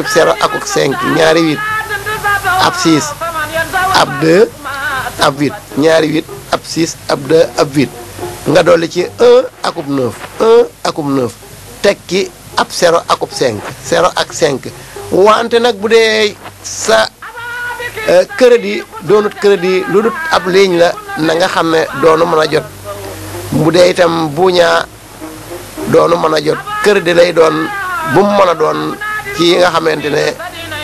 cub 0 ak 5 ñaari 8 ab 6 ab 2 ab 8 ñaari 8 ab 6 ab 2 ab 8 nga dolli ci 1 ak 9 1 ak 9 tekki ab 0 ak 5 0 ak 5 wante nak budé sa sa e, crédit donut crédit ludut ab ligne la na nga xam ne doonu mën jot budé itam buña doonu mëna jot crédit lay doon bu mëna ci yi nga xamante ne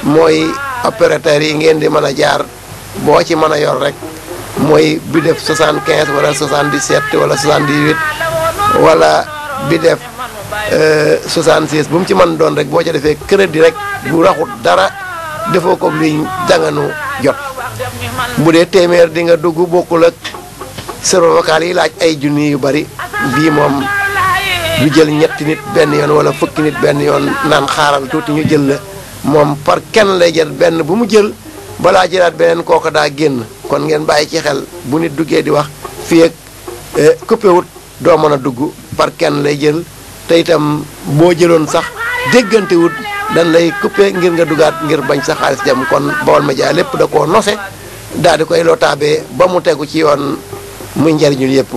mooy opérateur yi ngeen di mën a jaar boo ci mën a yor rek mooy bi def 75 wala 77 wala 78 wala bi def 66 euh, bu mu ci man doon rek boo ca defee crédit rek bu raxut dara defoo ko liñ danganu jot bu dee téeméer dinga nga dugg bokkul ak serveur vocal yi laaj ay junni yu bari bii moom ñu jël ñetti nit benn yoon wala fukki nit benn yoon naan xaaral tuuti ñu jël la moom par kenn lay jël benn bu mu jël balaa jëlaat beneen kooka daa génn kon ngeen bàyyi ci xel bu nit duggee di wax fii ak eh, coupé wut doo mën a dugg par kenn lay jël te itam boo jëloon sax déggante wut lay coupé ngir nga dugaat ngir bañ sa xaalis dem kon Baol Médias lépp da koo nose daal di koy loo ba mu tegu ci yoon muy njariñul yëpp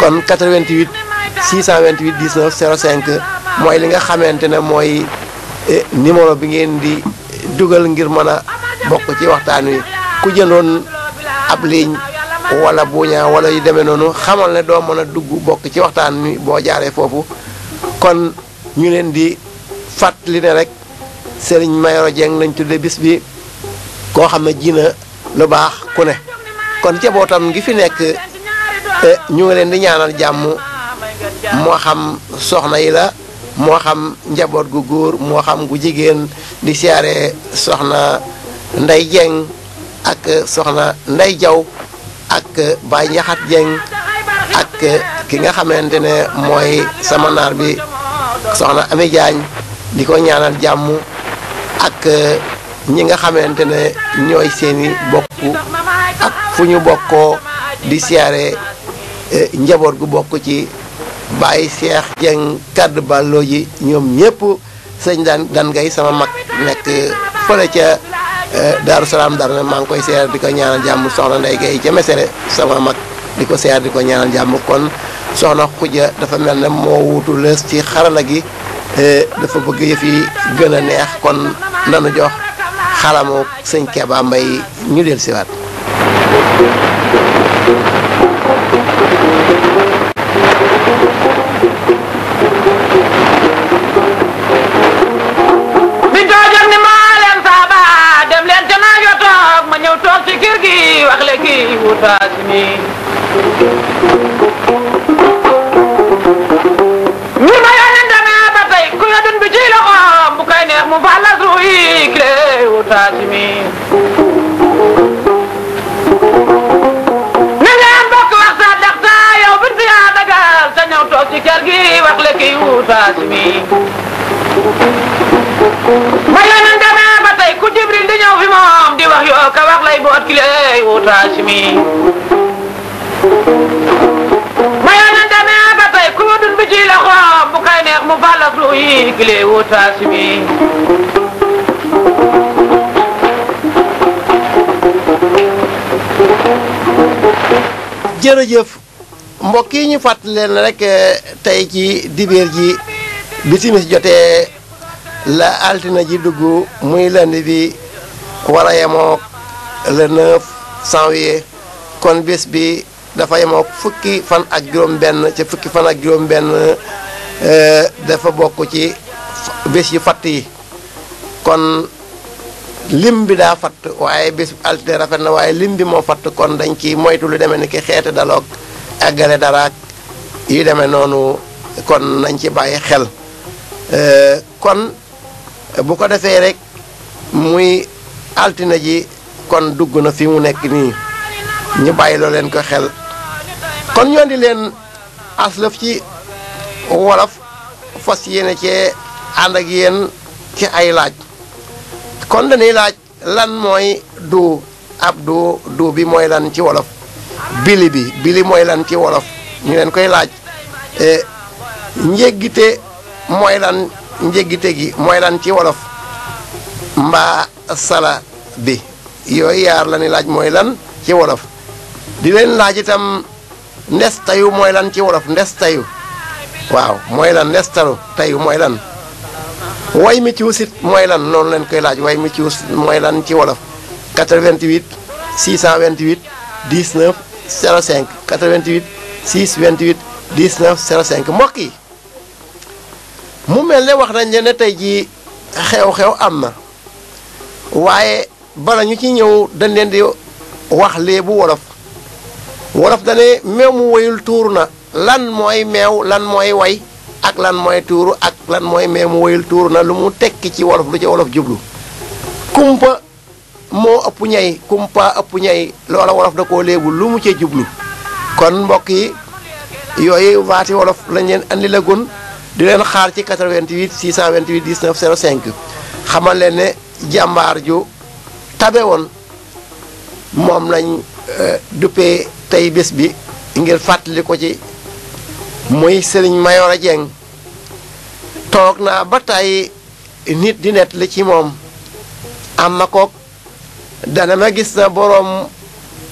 kon 88. 628 19 05 mooy li nga xamante ne mooy eh, numéro bi ngeen di dugal ngir mën a bokk ci waxtaan wi ku jëndoon ab ligne wala buña wala yu demee noonu xamal ne doo mën a dugg bokk ci waxtaan wi boo jaaree foofu kon ñu leen di li ne rek Serigne Mayoro Dieng lañ tudde bis bi koo xam ne ji na lu baax ku ne kon jabootam ngi fi nekk eh, ñu ngi leen di ñaanal jàmm moo xam soxna yi la moo xam njaboot gu góor moo xam gu jigéen di siyaare soxna Ndey Jeng ak soxna Ndey Jaw ak Baay Njaxat Jeng ak ki nga xamante ne mooy sama naar bi soxna Ami Jaañ di ko ñaanal jàmm ak ñi nga xamante ne ñooy seeni bokk ak fu ñu bokkoo di siyaare eh, njaboot gu bokk ci Baye Cheikh Dieng kàddu balloo ji ñoom ñëpp sëñ daan daan sama mag nekk fële ca eh, Daaru Salaam dar maa ngi koy seer di ko ñaanal jàmm soxna Ndeye Gueye ca mesere sama mag di ko seer di ko ñaanal jàmm kon soxna Khoudia dafa mel ne moo wutu lees ci xarala gi eh, dafa bëgg yëf yi gën a neex kon nanu jox xalamu sëñ Keba mbay ñu del siwaat وفاتني مما يندنا باتاي كو يدن بجي لخام بو كاي نيه مو فالا سوي كلي وفاتني نيان بوك وقتا دختا يو بنت يا دغال تنيو توك سي كير جي واخ لكي وفاتني ما jërëjëf mbokk yi ñu fàttali leen rek eh, tey ci dibéer ji bi timis jotee la altine ji dugg muy lundi bi war a yemook le 9 janvier kon bés bi dafa yemook fukki fan ak juróom-benn ci fukki fan ak juróom-benn euh, dafa bokk ci bés yu fatt yi kon lim bi daa fatt waaye bés altine rafet na waaye lim bi moo fatt kon dañ ci moytu lu demee ni ki xeeti daloog eggale daraak yu demee noonu kon nañ ci bàyyi xel euh, kon bu ko defee rek muy altine ji kon dugg na fi mu nekk nii ñu bàyyiloo leen ko xel kon ñoo di leen aslëf ci wolof fos yéene ci ànd ak yéen ci ay laaj kon dañuy laaj lan mooy du ab du du bi mooy lan ci wolof bili bi bili mooy lan ci wolof ñu leen koy laaj eh, njéggite mooy lan njéggite gi mooy lan ci wolof mbaa sala bi yooyu yaar la laaj mooy lan ci wolof di leen laaj itam ndes tayu mooy lan ci wolof ndes tayu waaw mooy lan ndes talu tayu mooy lan way mi ci wusit mooy lan loolu leen koy laaj way mi ci wusit mooy lan ci wolof 88 628 19 05 88 628 19 05 mbokk yi mu mel ne wax nañ ne tey jii xew-xew am na waaye bala ñu ci ñëw dañ leen di wax léebu wolof wolof dane meew mu woyul tuur na lan mooy meew lan mooy way ak lan mooy tuuru ak lan mooy meew mu woyul tuur na lu mu tekki ci wolof lu ci wolof jublu kumpa moo ëpp ñay kumpa ëpp ñay loola wolof da koo léebu lu mu ci jublu kon mbokk yi yooyu waati wolof lañ leen andi la gun di leen xaar ci 88 628 19 05 xamal leen ne jàmbaar ju tabe woon moom lañ euh, duppee tey bés bi ngir fàttali ko ci muy Serigne a Dieng toog naa ba tàyyi nit di net li ci moom am na kook dana ma gis na boroom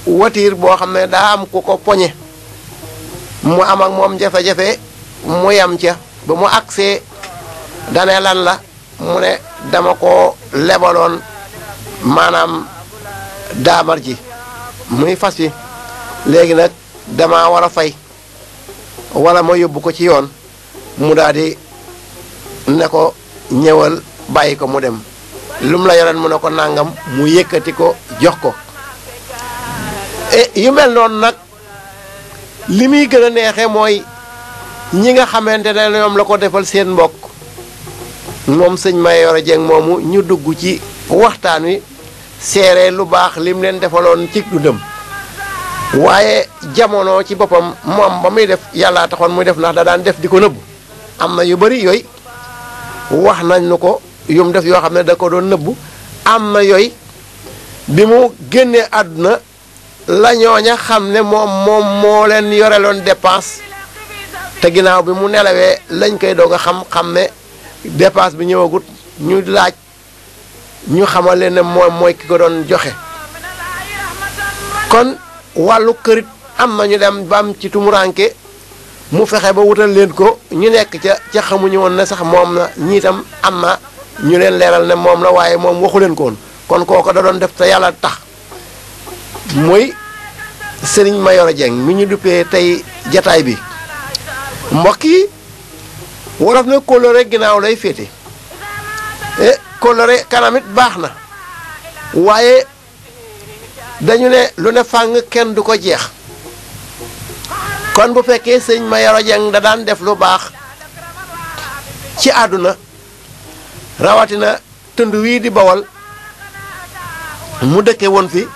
watiir boo xam ne daa am ku ko poñe mu am ak moom jafe-jafe mu yam ca ba mu agsee dane lan la mu ne dama ko lebaloon maanaam daamar ji muy fas yi léegi nag damaa war a fay walla ma yóbbu ko ci yoon mu daal ne ko ñëwal bàyyi ko mu dem lum la yoreen mu ne ko nangam mu yëkkati ko jox ko e yu mel noonu nag li muy gën a neexee mooy ñi nga xamantene ñom la ko defal seen mbokk moom sëñ Mayoro jeng moomu ñu dugg ci waxtaan wi séré lu baax lim leen defalon ci dem waye jamono ci bopam moom ba muy def yalla taxoon muy def nak da daan def diko neub amna yu bari yoy wax nañ nuko yum def yo xamne da ko doon neub amna yoy bi mu genné aduna lañoña xamne mom mom mo leen te ginnaaw bi mu nelawee lañ koy doog xam xam ne dépense bi ñëwagut ñu laaj ñu xamal leen ne moom mooy ki ko doon joxe kon wàllu kërit am na ñu dem ba ci tumuraanke mu fexe ba wutal leen ko ñu nekk ca ca xamuñu woon ne sax moom na ñi itam am na ñu leen leeral ne moom la waaye moom waxu leen ko kon kooko da doon def te yàlla tax mooy sëriñ Mayoro Dieng mi ñu duppee tey jataay bi mbokk yi wolof na kóllëre ginnaaw lay féete e kóllëre kanam baax na waaye dañu ne lu ne fàng kenn du ko jeex kon bu fekkee sëñ Mayoro Dieng da daan def lu baax ci àdduna rawatina tund wii di bawal mu dëkke woon fi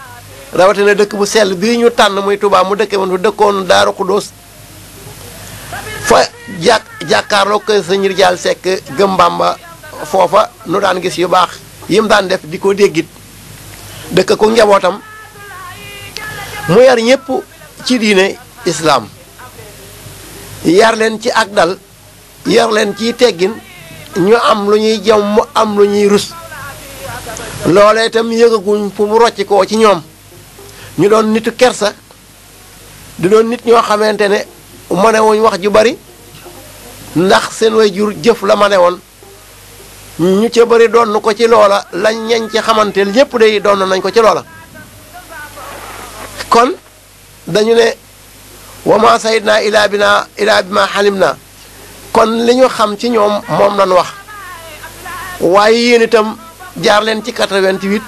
rawatina dëkk bu sell bii ñu tànn muy Touba mu dëkke woon fi dëkkoon Daaru Xudóos fa jàk sa ko sëñ Sekk gëm Bàmba foofa nu daan gis yu baax yim daan def di ko déggit dëkk ko njabootam mu yar ñépp ci diine islaam yar leen ci ak dal yar leen ciy teggin ñu am lu ñuy jom mu am lu ñuy rus loolee itam yëgaguñ fu mu rocc koo ci ñoom ñu doon nit kersa di doon nit ñoo xamante ne mane wuñ wax ju bari ndax seen way jur jëf la mane woon ñu ca bari doon ko ci loola lañ ñañ ci xamanteel ñépp day doon nañ ko ci loola kon dañu ne wama sayid naa ilaa bi ma xalim naa kon li ñu xam ci ñoom moom lañ wax waaye yéen itam jaar leen ci 88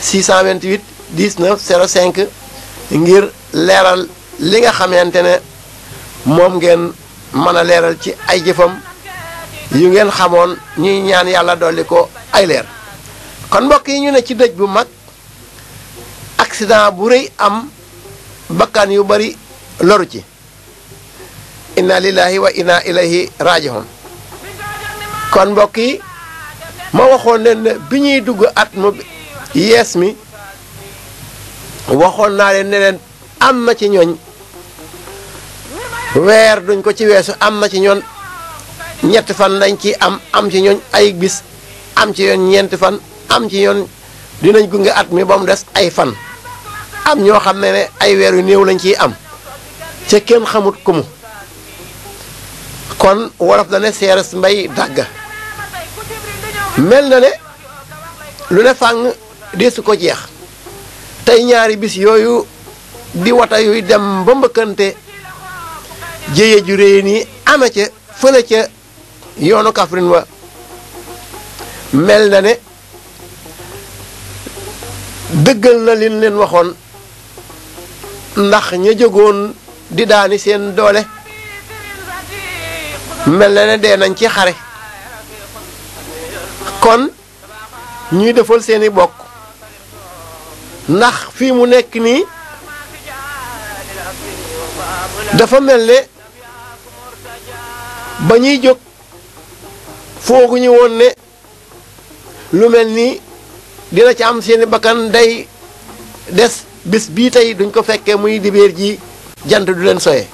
628 19 05 ngir leeral li nga xamante ne moom ngeen mën a leeral ci ay jëfam yu ngeen xamoon ñuy ñaan yàlla dolli ko ay leer kon mbokk yi ñu ne ci dëj bu mag accident bu rëy am bakkan yu bari loru ci ina lillahi wa inna ilayhi raji'un kon mbokk yi ma waxoon leen bi ñuy dugg at mu yees mi waxoon naa leen ne am na ci ñooñ weer duñ ko ci weesu am na ci ñoon ñetti fan lañ ci am am ci ñooñ ay bis am ci yoon ñeenti fan am ci yoon dinañ gunge at mi ba mu des ay fan am ñoo xam ne ne ay weer yu néew lañ ciy am ca kenn xamut ku kon wolof na ne seeres mbay dàgg mel na ne lu ne fàng deesu ko jeex tey ñaari bis yooyu di wata yuy dem ba mbëkkante jéye ju réy nii ama ca fële ca yoonu Kaffrine wa mel na ne dëggal na liñ leen waxoon ndax ña jegoon di daani seen doole mel na ne dee nañ ci xare kon ñuy defal seeni bokk ndax fii mu nekk nii dafa mel ne ba ñuy jóg fooguñu woon ne lu mel ni dina ci am seeni bakkan day des bis bi tey duñ ko fekkee muy dibéer ji jant du leen soye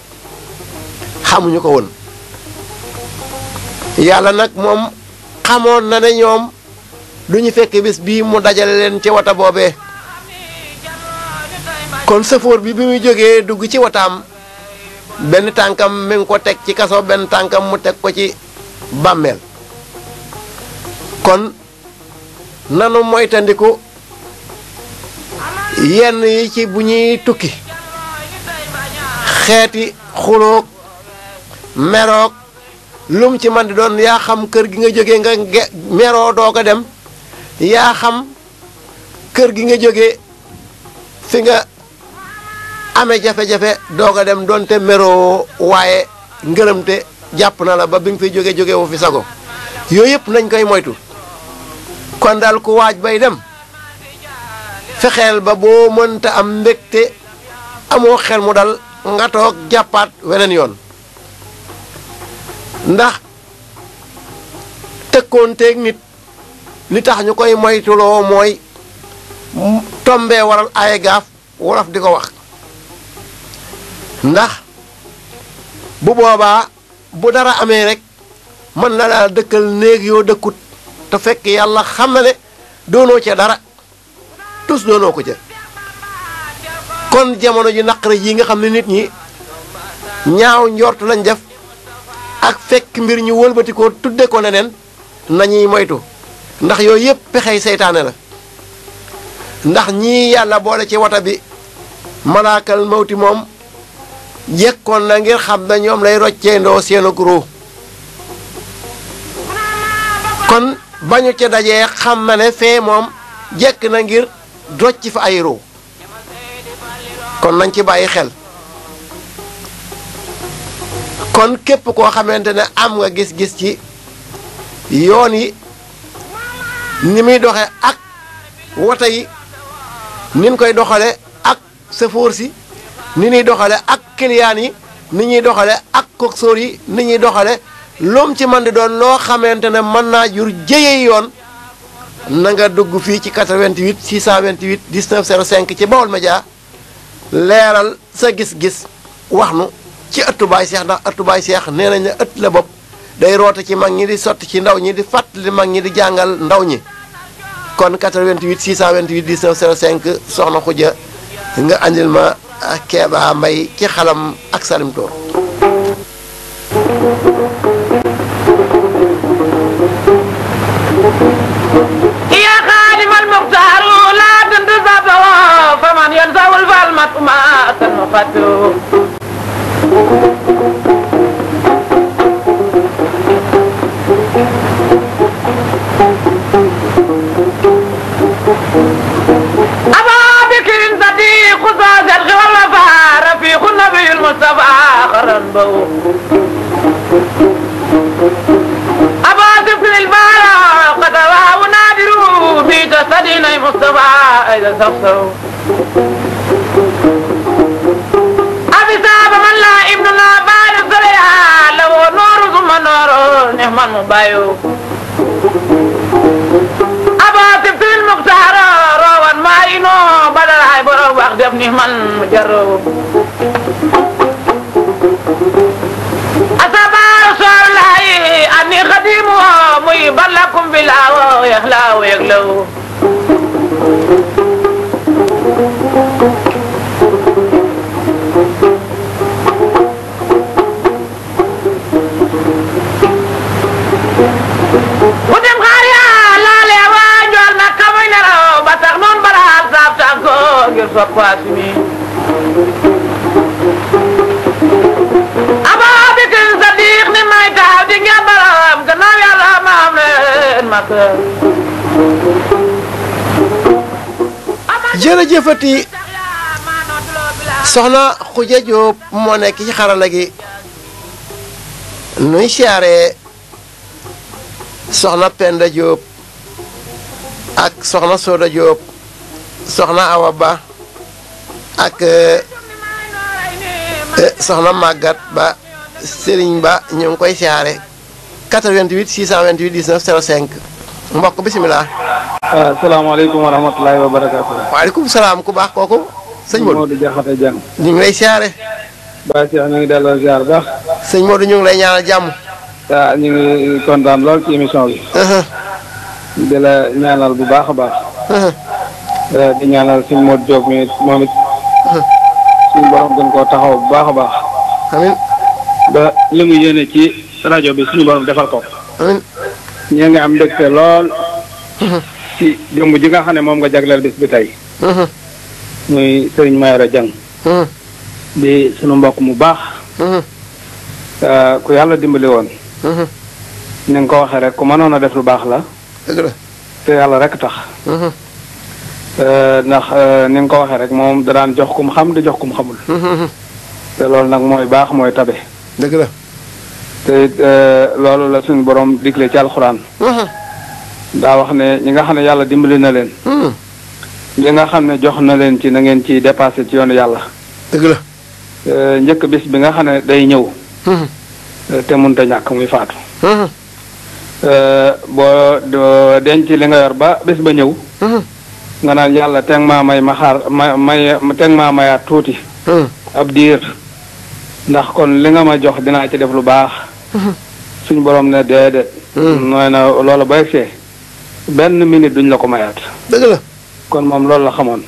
xamuñu ko woon yàlla nag moom xamoon na ne ñoom du ñu fekke bis bii mu dajale leen ci wata boobee kon sëfoor bi bi muy jógee dugg ci wataam benn tànkam mi ngi ko teg ci kaso benn tànkam mu teg ko ci bàmmeel kon nanu moytandiku yenn yi ci bu ñuy tukki xeeti xuloog meroog lum ci man di doon yaa xam kër gi nga jógee nga meroo doo dem yaa xam kër gi nga jóge fi nga amee jafe-jafe doog a dem donte meroo waaye ngërëmte jàpp na la ba bi nga fiy jóge jóge wu fi sago yooyu yëpp nañ koy moytu kon daal ku waaj bay dem fexeel ba boo mënta am mbégte amoo xel mu dal nga toog jàppaat weneen yoon ndax tëkkoonteeg nit li tax ñu koy moytuloo mooy tombee waral ay gaaf wolof di ko wax ndax bu boobaa bu dara amee rek mën na laa dëkkal néeg yoo dëkkut te fekk yàlla xam na ne doonoo ca dara tus doonoo ko ca kon jamono ji naqare yi nga xam ne nit ñi ñaaw njort lañ def ak fekk mbir ñu wëlbati ko tudde ko leneen nañuy moytu ndax yooyu yëpp pexey seytaane la ndax ñii yàlla boole ci wata bi malaakal mawti moom njëkkoon na ngir xam na ñoom lay rocceendoo seen ak ruu kon bañu ca daje xam na ne fee moom jekk na ngir rocc fa ay ruu kon nañ ci bàyyi xel kon képp koo xamante ne am nga gis-gis ci yoon yi ni muy doxe ak woto yi ni koy doxale ak sëfoor si ni ñuy doxale ak client yi ni ñuy doxale ak coxeur yi ni ñuy doxale loom ci mën di doon loo xamante ne mën naa jur jëye yoon na nga dugg fii ci 88 628 19 05 ci Baol Média leeral sa gis-gis wax nu ci ëttu baay seex ndax ëttu baay seex nee nañ ne ëtt la bopp day roote ci mag ñi di sotti ci ndaw ñi di fàttali mag ñi di jàngal ndaw ñi kon 88 628 19 05 soxna Khoudia nga andil ma كيبا ماي كي خلم ak دور Tour يا خالف المختار لا تنتزع فمن ينزع الفالمة ما تنفت Thank you. المصطفى خرنبو أبا طفل البارة قد رواه نادر في جسدنا المصطفى إذا صفصروا أبي صاحب من لا ابن الله بعد الزريعة له نور ثم نور نعم المبايو أبا طفل المختار روان مارينو بدل عبر وقت ابن من نعم لله أني قديم مجيبا لكم بلا ويخلى ويغلو ودم خاريا لا ليوا جوال مكة وين رو بتغنون برا زاب تاكو غير صفاتني ci ngeen baraam gannaaw yàlla maam jërëjëfati soxna Khoudia Diop moo nekk ci xarala gi nuy siyaare soxna Penda Diop ak soxna Soda Diop soxna Awa Ba ak eh, soxna Maguette Ba Serigne Ba ñong koy siyaare 88 628 1905 mbokk bismillah assalamu ah, alaykum wa rahmatullahi wa wa alaykum salaam ku bax koku serigne Modou Modou Diakhaté Dieng. ñu ngi lay Ba ci ñu ngi dalal ziar bax serigne Modou ñu ngi lay ñaanal jàmm. ta ah, ñu ngi contane lool ci émission bi. Uh-huh. di la ñaanal bu baax a baax. Uh-huh. Eh, di ñaanal serigne Modou jog mi momit hmm uh-huh. suñu borom gën ko taxaw bu baax baax. ba li mu yéene ci rajo bi suñu borom defal ko. ñu ngi am mbégte lool. ci jëmm ji nga xam ne moom nga jagleel bis bi tey. muy Serigne Mayoro Dieng. di sunu mbokk mu baax. ku yàlla dimbali woon. ni ko waxee rek ku mënoon a def lu baax la. te yàlla rek tax. ndax e, ni nga ko waxee rek moom da daan jox kum xam di jox kum xamul. te loolu nag mooy baax mooy tabe. dëgg la. E, loolu la suñu borom digle ci alxuraan. daa wax ne ñi nga xam ne yàlla dimbali na leen. Hmm. ñi nga xam ne jox na leen ci na ngeen ci dépassé ci yoonu yàlla. dëgg la. E, njëkk bis bi nga xam ne day ñëw. Hmm. E, te mënta ñàkk muy faatu. Hmm. boo denc li nga yor ba bés ba ñëw. nga naan yàlla teg ma may ma xaar ma may teg maa mayaat tuuti. ab diir. ndax kon li nga ma jox dinaa ci def lu baax mhm. suñ borom ne déedéet mhm. nooy na loola bay yegsee benn minute duñ la ko mayaat dëgg la kon moom loolu la xamoon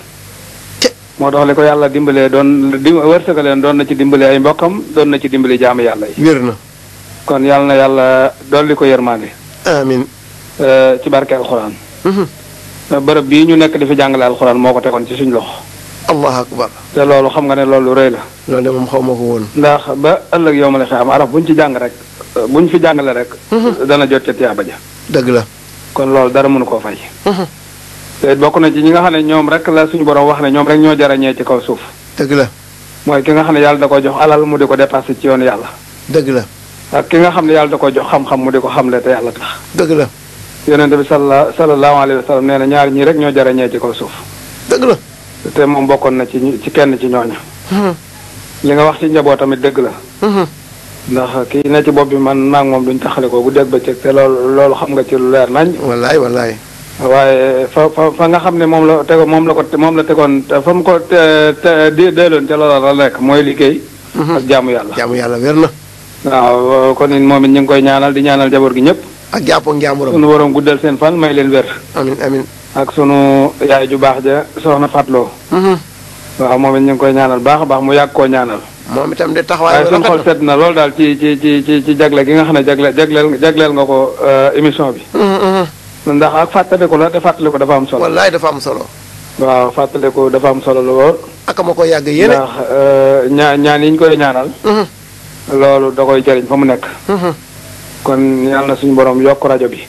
moo tax li ko yàlla dimbalee doon don doon na ci dimbali ay mbokkam doon na ci dimbali jaamu yàlla yi wér kon yàlla na yàlla dolli ko yërmaande amin eh, ci barke alxuraan mhm. eh, bërëb bii ñu nekk di fi jàngale alxuraan moo ci suñ loxo allah akbar te loolu xam nga ne loolu rëy la loolu de moom xawma ko woon ndax ba ëllëg yow ma la xam araf buñ ci jàng rek buñ fi jàngale rek mhm. dana jot ca tiyaaba ja dëgg la kon loolu dara mënu koo fay mhm. te bokk na ci ñi nga xam ne ñoom rek la suñu borom wax ne ñoom rek ñoo jarañee ci kaw suuf dëgg la mooy ki nga xam ne yàlla da ko jox alal mu di ko dépassé ci yoonu yàlla dëgg la ak ki nga xam ne yàlla da ko jox xam-xam mu di ko xamle te yàlla tax dëgg la yonente bi sallallahu alayhi wa sallam nee na ñaar ñi rek ñoo jarañee ci kaw suuf dëgg la te moom bokkoon na ci ci kenn ci ñooña li nga wax ci njaboot tamit dëgg la ndax kii na ci bopp bi man naag moom duñ taxale ko ba bëccëg te loolu loolu xam nga ci lu leer nañ wallaay wallaay waaye fa fa fa nga xam ne moom la tego moom la ko moom la tegoon fa mu ko di deeloon ca loola la nekk mooy liggéey ak jaamu yàlla jaamu yàlla wér na waaw kon moom it ñu ngi koy ñaanal di ñaanal jaboot gi ñëpp ak jàpp ak njaamuram sunu borom guddal seen fan may leen wér amin amin ak sunu yaay ju baax ja soxna Fatloo. Mhm. waaw moom it ñu ngi koy ñaanal baax baax mu yàgg koo ñaanal. moom itam di taxawaay sunu xol na lool daal ci ci ci ci ci jagle gi nga xam ne jagle jagleel jagleel nga ko euh, émission bi. Mhm, mhm. ndax ak fàttaliku la te fàttaliku dafa am solo. wallaay dafa am solo. waaw fàttaliku dafa am solo lool. ak ma ko yàgg yéene ndax euh, ñaa ñaan yi ñu koy ñaanal. loolu da koy jëriñ fa mu nekk. kon yàlla na suñu borom yokk rajo bi.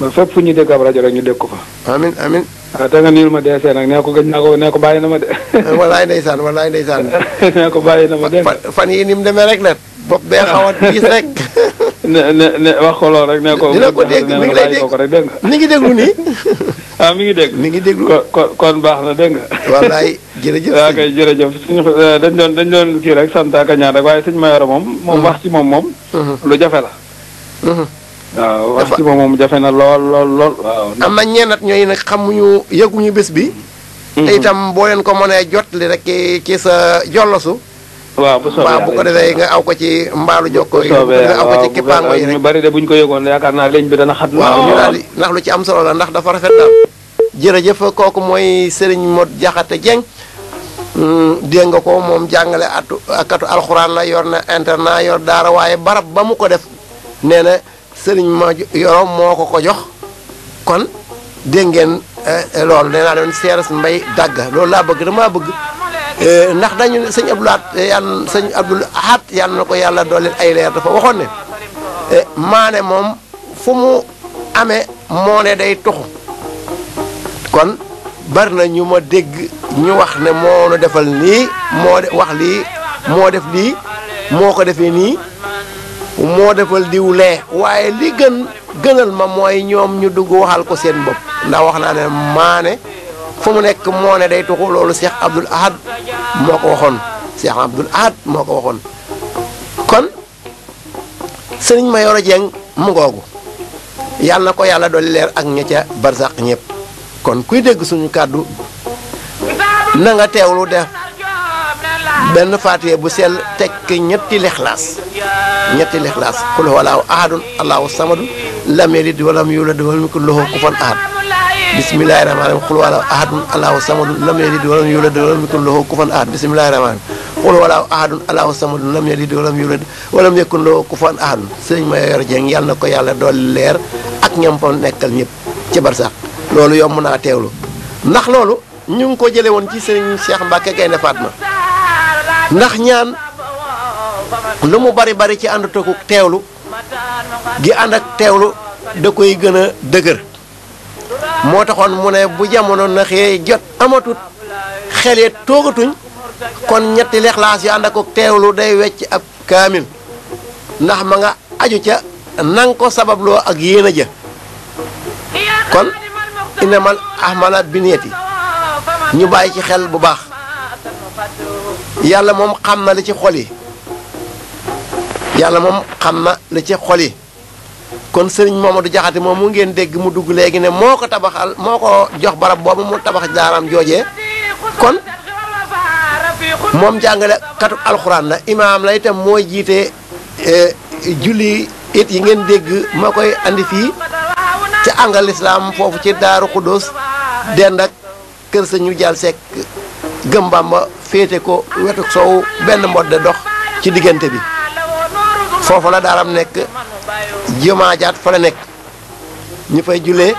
ba fepp fu dégg ab rajo rek ñu dégg ko fa amin amin da nga niil ma dese nak né ko gëj naa ko né ko bayina ma dé eh, wallahi ndaysan wallahi ndaysan né ko bayina ma dé fan yi nim démé rek la bop bé xawat gis rek né né ne wax ko lool rek né ko dina ko dégg mi ngi lay dégg ni ngi déglu ni ah mi ngi dégg mi ngi déglu kon bax na dégg wallahi jërëjëf waaw ah, kay jërëjëf suñu eh, dañ doon dañ doon ki rek santaka ak ñaan rek waye suñu mayoro mom mom uh-huh. wax ci mom mom uh-huh. lu jafé la uh-huh. waaw wax ci moom jafe na lool lool am na ñeenat ñooy nag xamuñu yëguñu bés bi. Mm-hmm. te itam boo leen ko mënee jot li rek ci ci sa jollosu. waaw bu soobee ko defee nga aw ko ci mbaalu jokkoo yi. nga aw ko ci bari de buñ ko yëgoon yaakaar naa liñ bi dana xat. waaw ñu daal ndax lu ci am solo la ndax dafa rafet jërëjëf kooku mooy Serigne Modou Diakhaté Dieng. Mm, dégg ko moom jàngale atu akatu alxuraan la yor na internat yor daara waaye barab ba mu ko def nee sëriñ ma yoro moo ko ko jox kon dégg ngeen eh, loolu nee naa doon seeras mbay dàgg loolu laa bëgg damaa bëgg eh, ndax dañu sëñ Abdou Lahat eh, yàlla sëñ Abdou Ahad yàlla na ko yàlla dooleel ay leer dafa waxoon ne maane moom fu mu amee moo ne day tuxu kon bari na ñu ma dégg ñu wax ne moo nu defal nii moo wax lii moo def lii moo ko defee nii moo defal diwlee lee waaye li gën gënal ma mooy ñoom ñu dugg waxal ko seen bopp ndax wax naa ne maane fu mu nekk moo ne day tuxu loolu Cheikh Abdoul Ahad moo ko waxoon Cheikh Abdoul Ahad moo ko waxoon kon sëriñ Mayoro Dieng mu ngoogu yàlla na ko yàlla dolli leer ak ña ca barsàq ñépp kon kuy dégg suñu kàddu na nga teewlu def ben fatiha bu sel tek ñetti l'ikhlas ñetti l'ikhlas kul huwa allahu ahadun allahu samad lam yalid walam yulad walam yakul lahu kufuwan ahad bismillahir rahmanir rahim kul huwa allahu ahadun allahu samad lam yalid walam yulad walam yakul lahu kufuwan ahad bismillahir rahmanir qul huwa allahu ahad allahu samad lam yalid walam yulad walam yakul lahu kufuwan ahad señ ma yor jeng yalla ko yalla do leer ak ñam fa nekkal ñep ci barsax lolu yom na teewlu lolu ñu ko jele won ci señ cheikh mbacke fatma ndax ñaan lu mu bari bari ci ànd ak teewlu gi ànd ak teewlu da koy gën a dëgër moo taxoon mu ne bu jamono na xëy jot amatut xelee toogatuñ kon ñetti lexlaas yu ànd ak teewlu day wecc ab kaamil ndax ma nga aju ca nang ko sababloo ak yéen ja kon inamal ahmala bi neeti ñu bàyyi ci xel bu baax yalla mom xamna na la ci xol yi yalla mom xamna na la ci xol yi kon sëriñ Mamadou jaxati mom mu ngeen deg mu dugg ne moko ko tabaxal moko ko jox barab bobu mu tabax jojje kon mom jangale katu alquran la imam la itam jite jiite e, julli et yi ngeen deg makoy andi fi. ci angal islam fofu ci daru xudóos dendak keur sek gëm ma fete ko wetu sow ben modde dox ci diggante bi fofu la daram nek jumaa jaat fa la nek ñu fay julé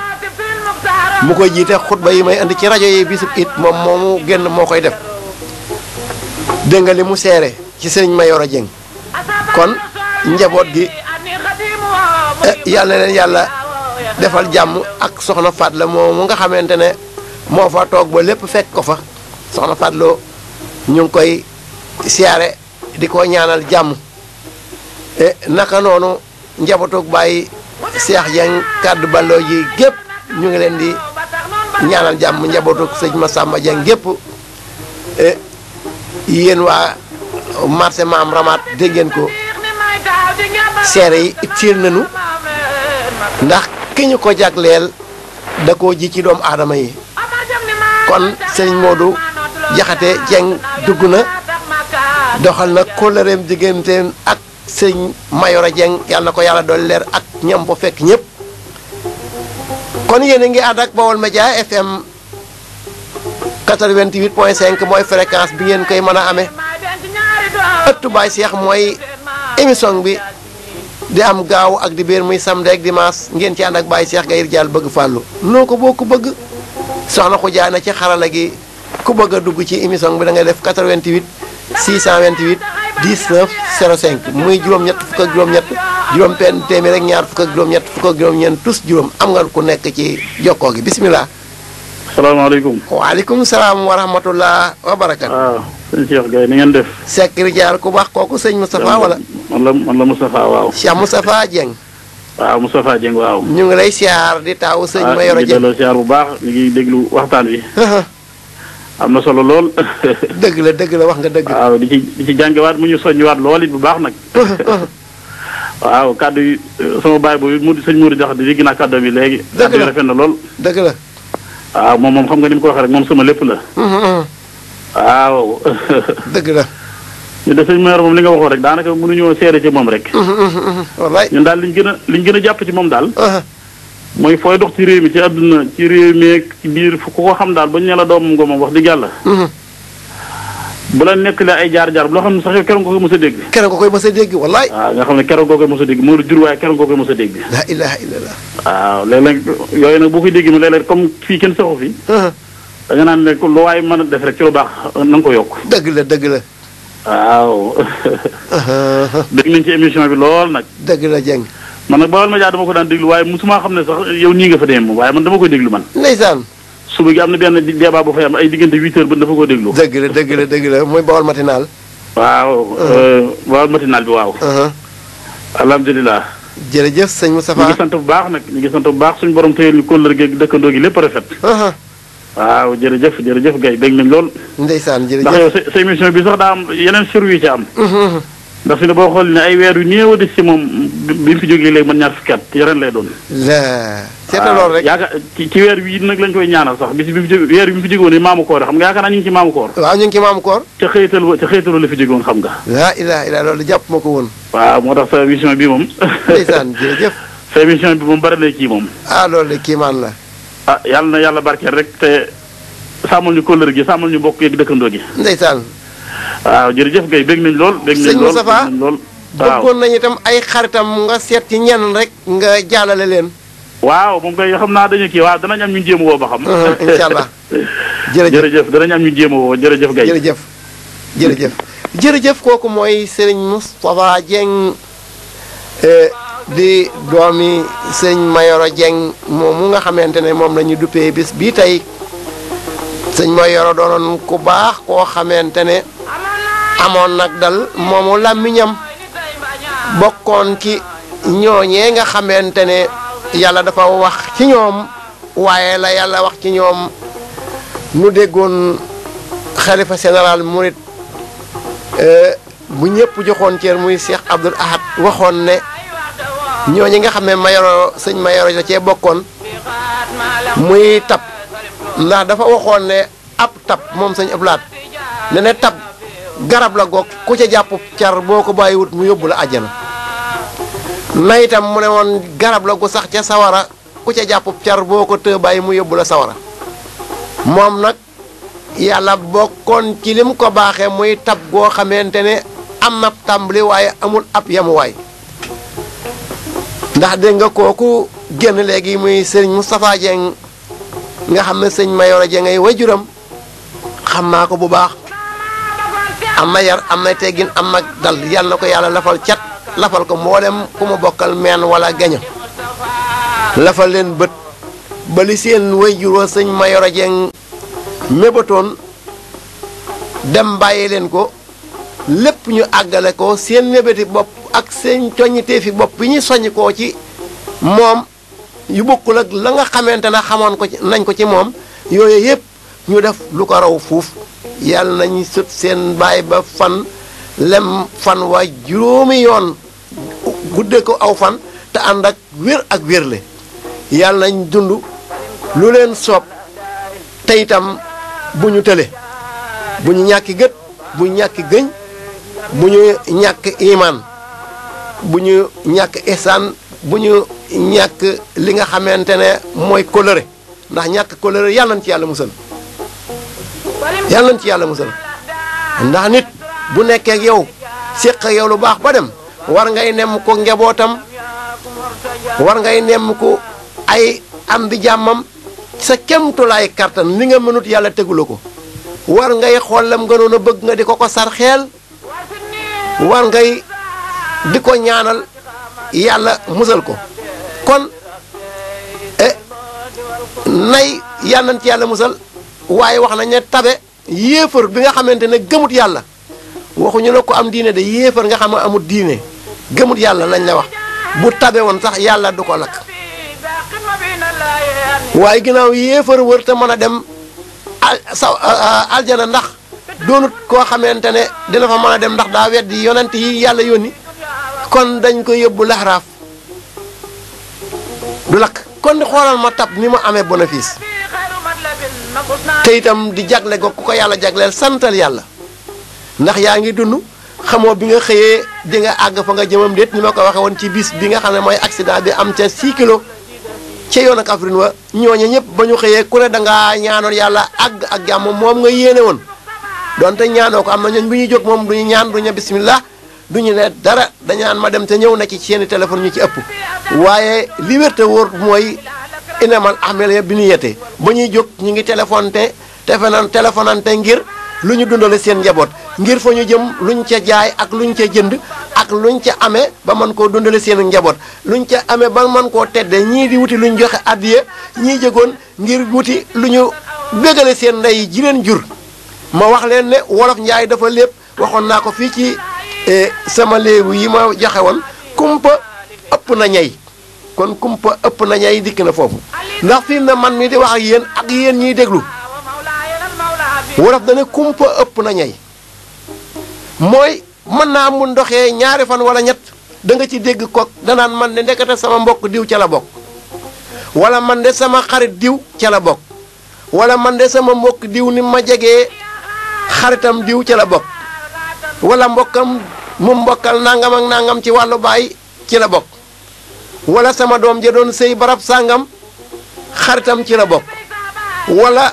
mu koy jité khutba yi may andi ci radio yi bisub it mom momu genn mo koy def de nga li mu ci sëriñ Mayoro jeng kon njabot gi yalla len yalla defal jamm ak soxna fatla momu nga xamantene mo fa tok ba lepp fekk ko fa soxna Fatloo ñu ngi koy siyaare di ko ñaanal jàmm e naka noonu njabootug bay Cheikh Dieng kàddu balloo ji gépp ñu ngi leen di ñaanal jàmm njabootug sëñ Massamba Dieng gépp e yéen waa marché maam ramaat dégg ko seere yi tiir nañu ndax ki ñu ko jagleel da koo ji ci doomu aadama yi kon sëñ Modou jaxate jeng dugg na doxal na kóllëreem digganteem ak sëñ Mayoro Jeng yàlla na ko yàlla dool leer ak ñam bu fekk ñëpp kon yéen a ngi ànd ak Baol Média FM 88 point 5 mooy fréquence bi ngeen koy mën a amee ëttu Baay Seex mooy émission bi di am gaaw ak di biir muy samedi ak dimanche ngeen ci ànd ak Baay Seex Gaye Rijaal bëgg fàllu noo ko boo ko bëgg soxna Xujaana ci xarala gi ku bëgg dugg ci émission bi da ngay def 88 628 19 05 muy juróom-ñett fukk ak juróom-ñett juróom penn téeméer ak ñaar fukk ak juróom-ñett fukk ak juróom-ñeent tous juróom am nga ku nekk ci jokkoo gi salaamaaleykum. salaam wa rahmatullah wa ah, Cheikh ni ngeen def. Sekri ku baax kooku sëñ Moustapha wala. man la ah, di am na solo lool. dëgg la dëgg la wax nga dëgg. waaw di ci di ci jàngewaat mu ñu soññiwaat lool it bu baax nag. Uh-huh, uh-huh. waaw kàddu yi euh, sama baay boobu mu sëñ Mourou Diakh di dégg naa bi léegi. dëgg la lool. dëgg la. waaw moom moom xam nga ni ko waxee rek sama lépp la. Uh-huh, waaw. dëgg la. ñu def sëñ Mourou moom li nga waxoon rek daanaka mënuñoo seere ci moom rek. wallaay ñun daal liñ gën a liñ gën a jàpp ci moom daal. mooy fooy dox ci réew mi ci àdduna ci réew meeg biir fu ko xam daal ba ñu ne la doomam nga moom wax dëgg yàlla. Mm-hmm. bu la nekk la ay jaar-jaar bu loo xam ne sax yow keroog nga koy mos a dégg. keroog nga koy a ah, xam ne keroog nga koy mos a dégg moo la jur waaye keroog nga koy mos a dégg. la ilaha illallah. waaw yooyu nag boo koy dégg léeg-léeg comme fii kenn saxu fi. Mm-hmm. da nga naan ne lu waay mën a def rek ci lu baax na ko yokk. dëgg la dëgg la. waaw. Uh-huh. dégg nañ ci émission bi lool nag. dëgg la Dieng. man nag ma Média dama ko daan déglu waaye ma xam ne sax yow nii nga fa dem waaye man dama koy déglu man. ndeysaan. suba gi am na benn débat bu fay am ay diggante huit heures ba dafa ko déglu. dëgg la dëgg la dëgg la mooy Baol matinal. waaw. Uh-huh. Euh, Baol matinal bi waaw. Uh-huh. alhamdulilah. jërëjëf sëñ Moustapha ñu ngi sant bu baax nag ñu ngi sant bu baax suñ borom téyel ñu kóllër gi dëkkandoo gi lépp rafet. Uh-huh. waaw jërëjëf jërëjëf gay dégg nañ lool. ndeysaan jërëjëf ndax yow bi sax daa am yeneen service am. ndax fi ne boo xool ne ay weer yu néew a ci moom bi mu fi jógee léegi man ñaar fukki at yeneen lay doon. seetal ah, loolu rek yaakaar ci weer wi nag lañ koy ñaanal sax bis bi mu weer bi mu fi jógee woon maamu koor xam nga yaakaar naa ci maamu koor. ci maamu la fi jógee woon xam nga. laa ilaaha illa loolu jàpp ma ko woon. waaw moo tax sa émission bi moom. ndeysaan jërëjëf. sa émission bi moom bari na kii moom. ah loolu de kiimaan la. ah yàlla na yàlla barkeel rek te sàmmal ñu kóllër gi sàmmal ñu bokk yeeg dëkkandoo gi ndeysaan waaw jërëjëf Guèye bég nañ lool. bég nañ lool sëñ Moustapha bëggoon nañu itam ay xaritam nga seet ci ñenn rek nga jàllale leen. waaw moom kay xam naa dañu kii waaw danañ am ñu jéem woo ba xam. Uh-huh, incha allah jërëjëf jërëjëf danañ am ñu jéem woo jërëjëf Guèye jërëjëf jërëjëf. jërëjëf kooku mooy sëriñ Moustapha Dieng eh, di doomi sëriñ Mayoro Dieng moom mu nga xamante ne moom la ñu duppee bis bii tey. sëñ mooy yoro doonoon ku baax koo xamante ne amoon nag dal moomu làmmiñam bokkoon ci ñooñee nga xamante ne yàlla dafa wax ci ñoom waaye la yàlla wax ci ñoom nu déggoon xalifa général murit eh, bu ñëpp joxoon cër muy Cheikh Abdoul Ahad waxoon ne ñooñi nga xam ne Mayoro sëñ Mayoro da cee bokkoon muy tab ndax dafa waxoon ne ab tab moom sañ Abdou Lahad ne tab garab la goog ku ca jàpp car boo ko bàyyiwut mu yóbbu la àjjana na itam mu ne woon garab la gu sax ca sawara ku ca jàpp car boo ko tëë bàyyi mu yóbbu la sawara moom nag yàlla bokkoon ci lim ko baaxee muy tab goo xamante ne am na tàmbali waaye amul ab yamuwaay ndax dégg nga kooku génn léegi muy Serigne mu Dieng nga xam ne sëñ Mayoro Dieng ngay wajuram xam naa ko bu baax am na yar am na teggin am na dal yal na ko yàlla lafal cat lafal ko mboolem ku ma bokkal meen wala gaño lafal leen bët bali seen wajur wa sëñ Mayoro Dieng mébatoon dem bàyyi leen ko lépp ñu àggale ko seen mébéti bopp ak seen coññitee bopp bi ñu soññ koo ci moom yu bokkul ak la nga xamante ne xamoon ko ci nañ ko ci moom yooyu yëpp ñu def lu ko raw fuuf yàlla nañ sut seen baay ba fan lem fan waa juróomi yoon gudde ko aw fan te ànd ak wér ak wérle yàlla nañ dund lu leen soob te itam bu ñu tële bu ñu ñàkki gët bu ñu ñàkki gëñ bu ñu ñàkk imaan bu ñu ñàkk ihsaan bu ñu ñàkk li nga xamante ne mooy coloré ndax ñàkk coloré yàlla nañ ci yàlla musal yàlla nañ ci yàlla musal ndax nit bu nekkee yow séq yow lu baax ba dem war ngay nemm ko njabootam war ngay nemm ko ay am di jàmmam sa kemtulaay kartan li nga mënut yàlla tegula ko war ngay xool lam gënoon bëgg nga di ko ko sar xeel war ngay di ko ñaanal yàlla musal ko kon e, nay yal nañ ci yàlla musal waaye wax nañ ne tabe yéefar bi nga xamante ne gëmut yàlla waxuñu la ko am diine de yéefar nga xam amut diine gëmut yàlla lañ la wax bu tabe woon sax yàlla du ko lakk waaye ginnaaw yéefar wër te mën a dem sa aljana ndax doonut koo xamante ne dina fa mën a dem ndax daa weddi yonent yi yàlla yónni kon dañ ko yóbbu laxraaf du lakk kon di xoolal ma tab ni ma amee bénéfice te itam di jagle ko ku ko yàlla jagleel santal yàlla ndax yaa ngi dund xamoo bi nga xëyee di nga àgg fa nga jëmam déet ni ma ko waxe woon ci bis bi nga xam ne mooy accident bi am ca 6 kilo ca yoon a Kaffrine wa ñooña ñëpp ba ñu xëyee ku ne dangaa ñaanoon yàlla àgg ak jàmm moom nga yéene woon donte ñaanoo ko am na ñooñ bu ñuy jóg moom du ñaan du ñu duñu ne dara dañaan ma dem te ñëw na ci seeni téléphone ñu ci ëpp waaye li wér te wóor mooy inamal amal ya bi ñu yete ba ñuy jóg ñu ngi téléphonante tefenan téléphonante ngir lu ñu dundale seen njaboot ngir fa ñu jëm luñ ca jaay ak luñ ca jënd ak luñ ca amee ba mën koo dundale seen njaboot luñ ca amee ba man koo tedde ñii di wuti luñ joxe addiya ñii jógoon ngir wuti lu ñu bégale seen ndey ji leen jur ma wax leen ne wolof njaay dafa lépp waxoon naa ko fii ci E sama léebu yi ma jaxewon kumpa ëpp na ñay kon kumpa ëpp na ñay dikk na fofu ndax fi na man mi di wax ak yeen ak yeen ñi deglu waraf dana kumpa ëpp na ñay moy man na mu ndoxee ñaari fan wala ñet da nga ci dégg da man de ndekata sama mbokk diw ci la bok wala man de sama xarit diw ci la bok wala man de sama mbokk diw ni ma jegee xaritam diw ci la bok wala mbokkam mu mbokkal nangam ak nangam ci wàllu baay ci la bokk wala sama doom ja doon sëy barab sangam xaritam ci la bokk wala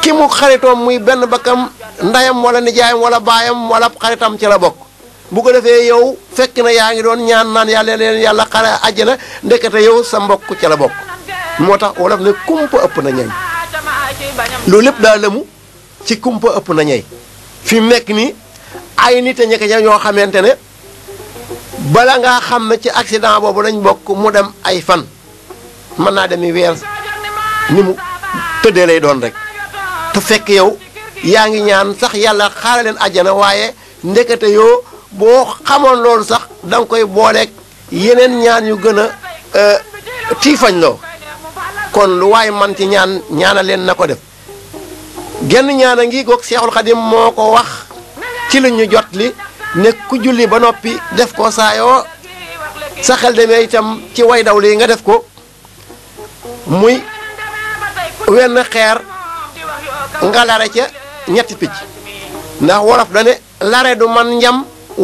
ki mu xaritoom muy benn bakkam ndeyam wala nijaayam wala baayam wala xaritam ci la bokk bu ko defee yow fekk na yaa ngi doon ñaan naan yàlla leen yàlla xare àjjana ndekete yow sa mbokk ca la bokk moo tax wolof ne kumpa ëpp na ñey lu lépp daa lëmu ci kumpa ëpp na ñey fi mu nekk nii ay nit a ñekk ja ñoo xamante ne bala ngaa xam ne ci accident boobu lañ bokk mu dem ay fan mën naa demi weer ni mu tëddee lay doon rek te fekk yow yaa ngi ñaan sax yàlla xaare leen àjjana waaye ndekete yoo boo xamoon loolu sax da nga koy booleeg yeneen ñaan yu gën a euh, tiifañ loo kon lu waaye man ci ñaan ñaana leen na ko def genn ñaan ngi goog Seexul Xadim moo ko wax ci li ñu jot li ne ku julli ba noppi def ko saayoo sa xel demee itam ci way daw nga def ko muy wenn xeer nga lare ca ñetti picc ndax wolof dane lare du man njam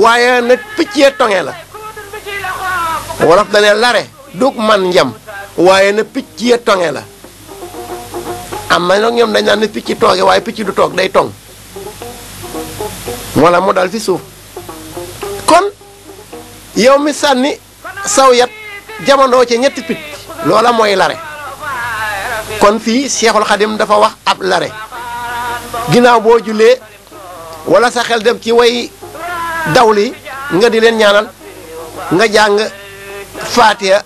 waaye nag picc ya toŋe la wolof dane lare du man njam waaye na picc ya toŋe la am na nag ñoom dañ naan ne picc tooge waaye picc du toog day tong walla mu dal ci suuf kon yow mi sànni saw yat jamono ci ñetti picc loola mooy lare kon fii Seexul Xadim dafa wax ab lare ginnaaw boo jullee walla sa xel dem ci way dawli nga di leen ñaanal nga jàng faatiha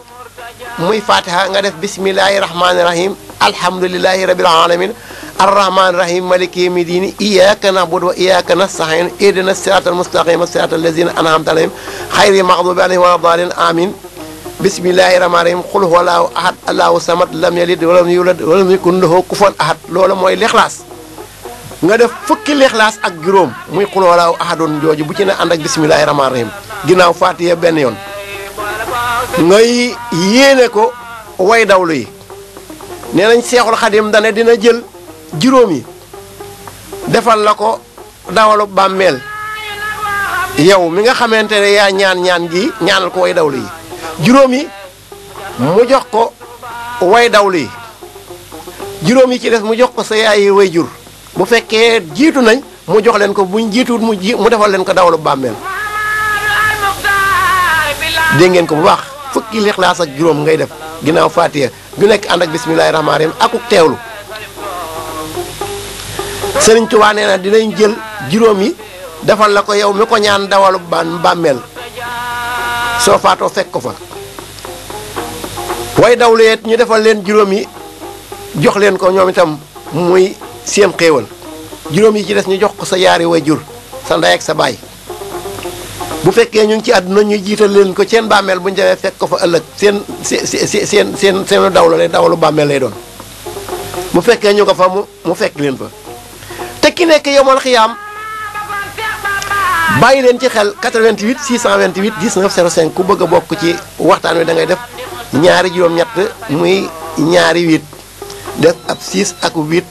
muy faatiha nga def bismillaahi rahmaani rahim الحمد لله رب العالمين الرحمن الرحيم مالك يوم الدين إياك نعبد وإياك نستعين اهدنا الصراط المستقيم صراط الذين أنعمت عليهم خير المغضوب عليهم ولا الضالين آمين بسم الله الرحمن الرحيم قل هو الله أحد الله الصمد لم يلد ولم يولد ولم يكن له كفوا أحد لولا موي الإخلاص nga def fukki lixlaas ak juróom muy xulóolaaw axadoon jooju bu ci ne ànd ak bisimilahi rahmaani rahim ginnaaw fatiha benn yoon ngay yéene ko way dawlu yi nee cheikhul khadim xadim dane dina jël juroom yi defal la ko dawalu bàmmeel yow mi nga xamantene ne yaa ñaan ñaan gi ñaanal ko way dawlu yi juróom yi mu jox ko way dawlu yi juróom yi ci des mu jox ko sa yaay way jur bu fekkee jiitu nañ mu jox leen ko buñ mu defal leen ko dawalu bàmmeel dégg ngeen ko bu baax fukki l'ikhlas ak juroom ngay def ginaaw fatiha gu nek and ak bismillahir rahmanir rahim akuk teewlu sëriñ Tuubaa nee dinañ jël juróom yi defal la ko yow mi ko ñaan dawalu ban bammel so faato fek ko fa way dawleet ñu defal leen juróom yi jox leen ko ñoom itam muy seen xewal juróom ci dess ñu jox ko sa yaari way sa nday ak sa baye bu fekkee ñu ngi ci àdduna ñuy jiital leen ko seen bàmmeel bu ñu demee fekk ko fa ëllëg seen seen seen seen seenu daw dawalu bàmmeel lay doon bu fekkee ñu ko fa mu mu fekk leen fa te ki nekk yomal xiyaam bàyyi leen ci xel 88 628 19 05 ku bëgg a bokk ci waxtaan wi da ngay def ñaari juróom-ñett muy ñaari 8 def ab 6 ak 8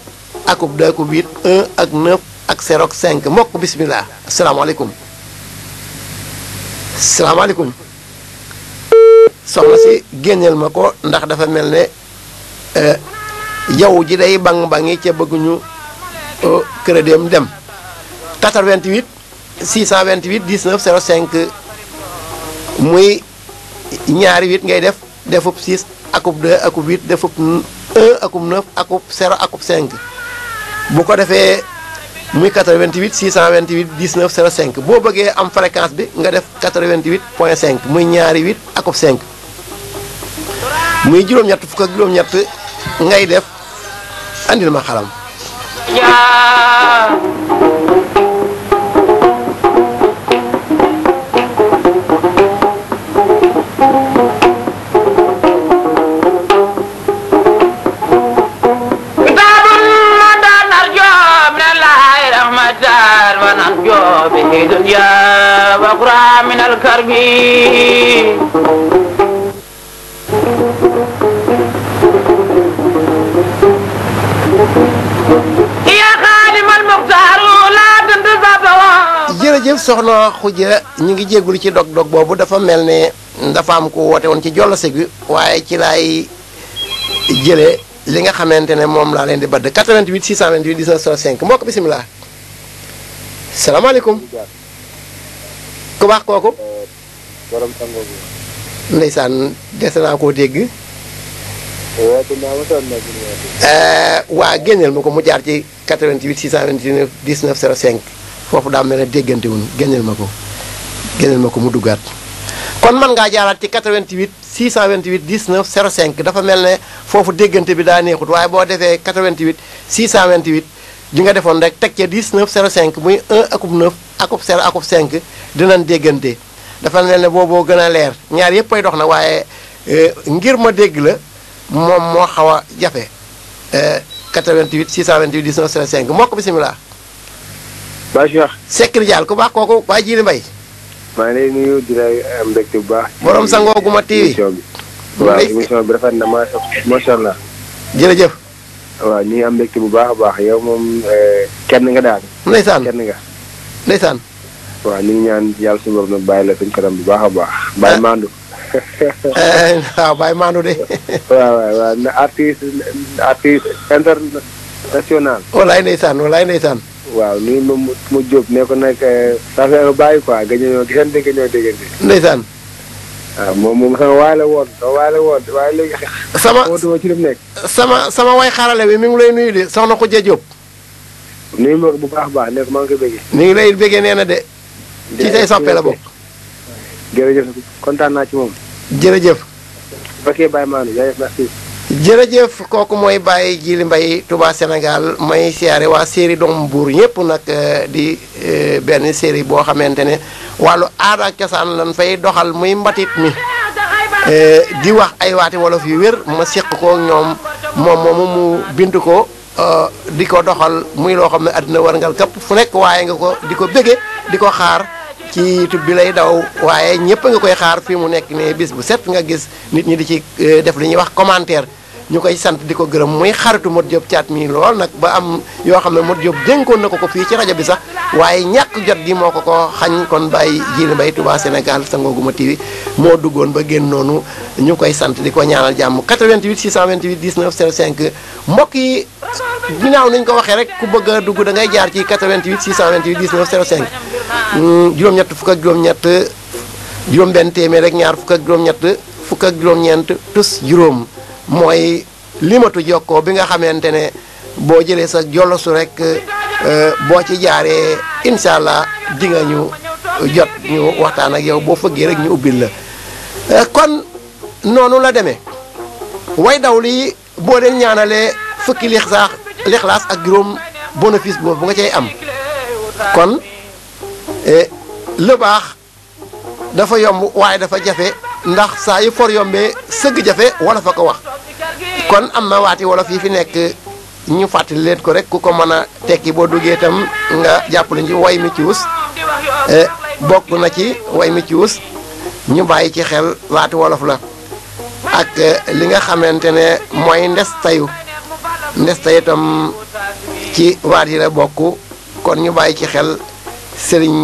akub 2 akub 8 1 ak 9 ak 0 ak 5 mbokk bismillah asalaamaaleykum. salaamaaleykum soxna si génneel ma ko ndax dafa mel ne jaww eh, ji day bang bangi ca bëgguñu crédit eh, dem 88 628 19 05 muy ñaari 8 ngay def defub 6 akub 2 akub 8 defub 1 akub 9 akub 0 bu ko defee. muy 88 628 19 05 boo bëggee am fréquence bi nga def 88 point 5 muy ñaari 8 akub 5 muy juróom-ñett fukk ak juróom-ñett ngay def andil ma xalam. وفي دنيا وأخرى من الكرب jërëjëf soxna Khoudia ñu ngi jéggul ci dog-dog boobu dafa mel ne dafa am ku woote woon ci jollaseg bi waaye ci laay jëlee li nga xamante ne moom laa leen di badd 88 628 19 mbokk bisimilah. salaamaaleykum. ku baax kooku. borom sango bi. ndeysaan dese naa koo dégg. Eh, waa génneel ma ko mu jaar ci 88 629 19 05 foofu daa mel ne déggante wun génneel ma ko génneel ma ko mu duggaat. kon mën ngaa jaaraat ci 88 628 19 05 dafa mel ne foofu déggante bi daa neexut waaye boo defee 88 628. ji nga defoon rek teg ca 19 05 muy 1 akub 9 akub 0 akub 5 dinañ déggante dafa mel ne booboo gën a leer ñaar yëpp ay dox na waaye euh, ngir ma dégg la moom moo xaw a jafe 88 628 19 05 mbokk bisimilah. baa Cheikh. Seck Ridial ku baax kooku waa Jili Mbaye. maa ngi lay nuyu di lay euh, mbégte bu baax. borom bi rafet na macha allah. jërëjëf. waaw ñu ngi am mbégte bu baax a baax yow moom eh, kenn nga daal. ndeysaan kenn nga. ndeysaan. waaw ñu ngi ñaan yàlla suñu borom nag bàyyi la suñu kanam bu baax a baax. bàyyi ah. maandu. Eh, waaw bàyyi maandu de. waaw waaw waaw na artiste artiste international. walaay ndeysaan walaay ndeysaan. waaw nii moom mu Diop ne ko nag. Eh, saa bàyyi quoi nga ñëw gisante nga ñëw déggante. ndeysaan. waaw ah, moom moom sama waay la woon sama waay la woon sama mu sama sama way bi mi ngi lay nuyu de soxna Khoudia Diop. nuyu ma bu baax baax nekk maa ngi koy bëggee. mi ngi lay bëggee nee na de. ci say soppe la bokk. jërëjëf kontaan naa ci moom. jërëjëf. bu fekkee bàyyi maa ngi merci. jërëjëf kooku mooy bàyyi Djily mbay Touba Sénégal may siyaare waa série doomu buur ñëpp nag euh, di euh, benn série boo xamante ne wàllu aada ak cosaan lan fay doxal muy mbatit mi euh, di wax ay waati wolof yu wér ma séq ko ñoom moom moom mu bind ko di ko doxal muy loo xam ne àddina warngal képp fu nekk waaye nga ko di ko bëgge di ko xaar ci YouTube bi lay daw waaye ñëpp nga koy xaar fii mu nekk ne bis bu set nga gis nit ñi di ci eh, def li ñuy wax commentaire ñu koy sant di ko gërëm muy xaritu Modou Diop caat mii lool nag ba am yoo xam ne Modou Diop dénkoon na ko ko fii ci rajo bi sax waaye ñàkk jot gi moo ko ko xañ kon bàyyi jili mbay Touba Sénégal Sango Gouma moo duggoon ba génn noonu ñu koy sant di ko ñaanal jàmm 88 628 19 05 mbokk yi ginnaaw nañ ko waxee rek ku bëgg a dugg da ngay jaar ci 88 628 19 05 juróom-ñett fukk ak juróom-ñett juróom benn téeméer rek ñaar fukk ak juróom-ñett fukk ak juróom-ñeent tus juróom mooy limatu jokkoo bi nga xamante ne boo jëlee sa jolosu rek euh, boo ci jaaree incha allah dinga nga ñu jot ñu waxtaan ak yow boo fëggee rek ñu ubbil la euh, kon noonu la demee way daw lii boo leen ñaanale fukki lix saax lixlaas ak juróom bénéfice boobu nga cay am kon euh, le baax dafa yomb waaye dafa jafe ndax saa yu for yombee sëgg jafe wala fa ko wax kon am na waati wolof yi fi nekk ñu fàttali leen ko rek ku ko mën a tekki boo duggee itam nga jàppale ci way mi cius eh, bokk na ci way mi cius ñu bàyyi ci xel waati wolof la ak eh, li nga xamante ne mooy ndes tayu ndes tayu itam ci waat yi la bokk kon ñu bàyyi ci xel sëriñ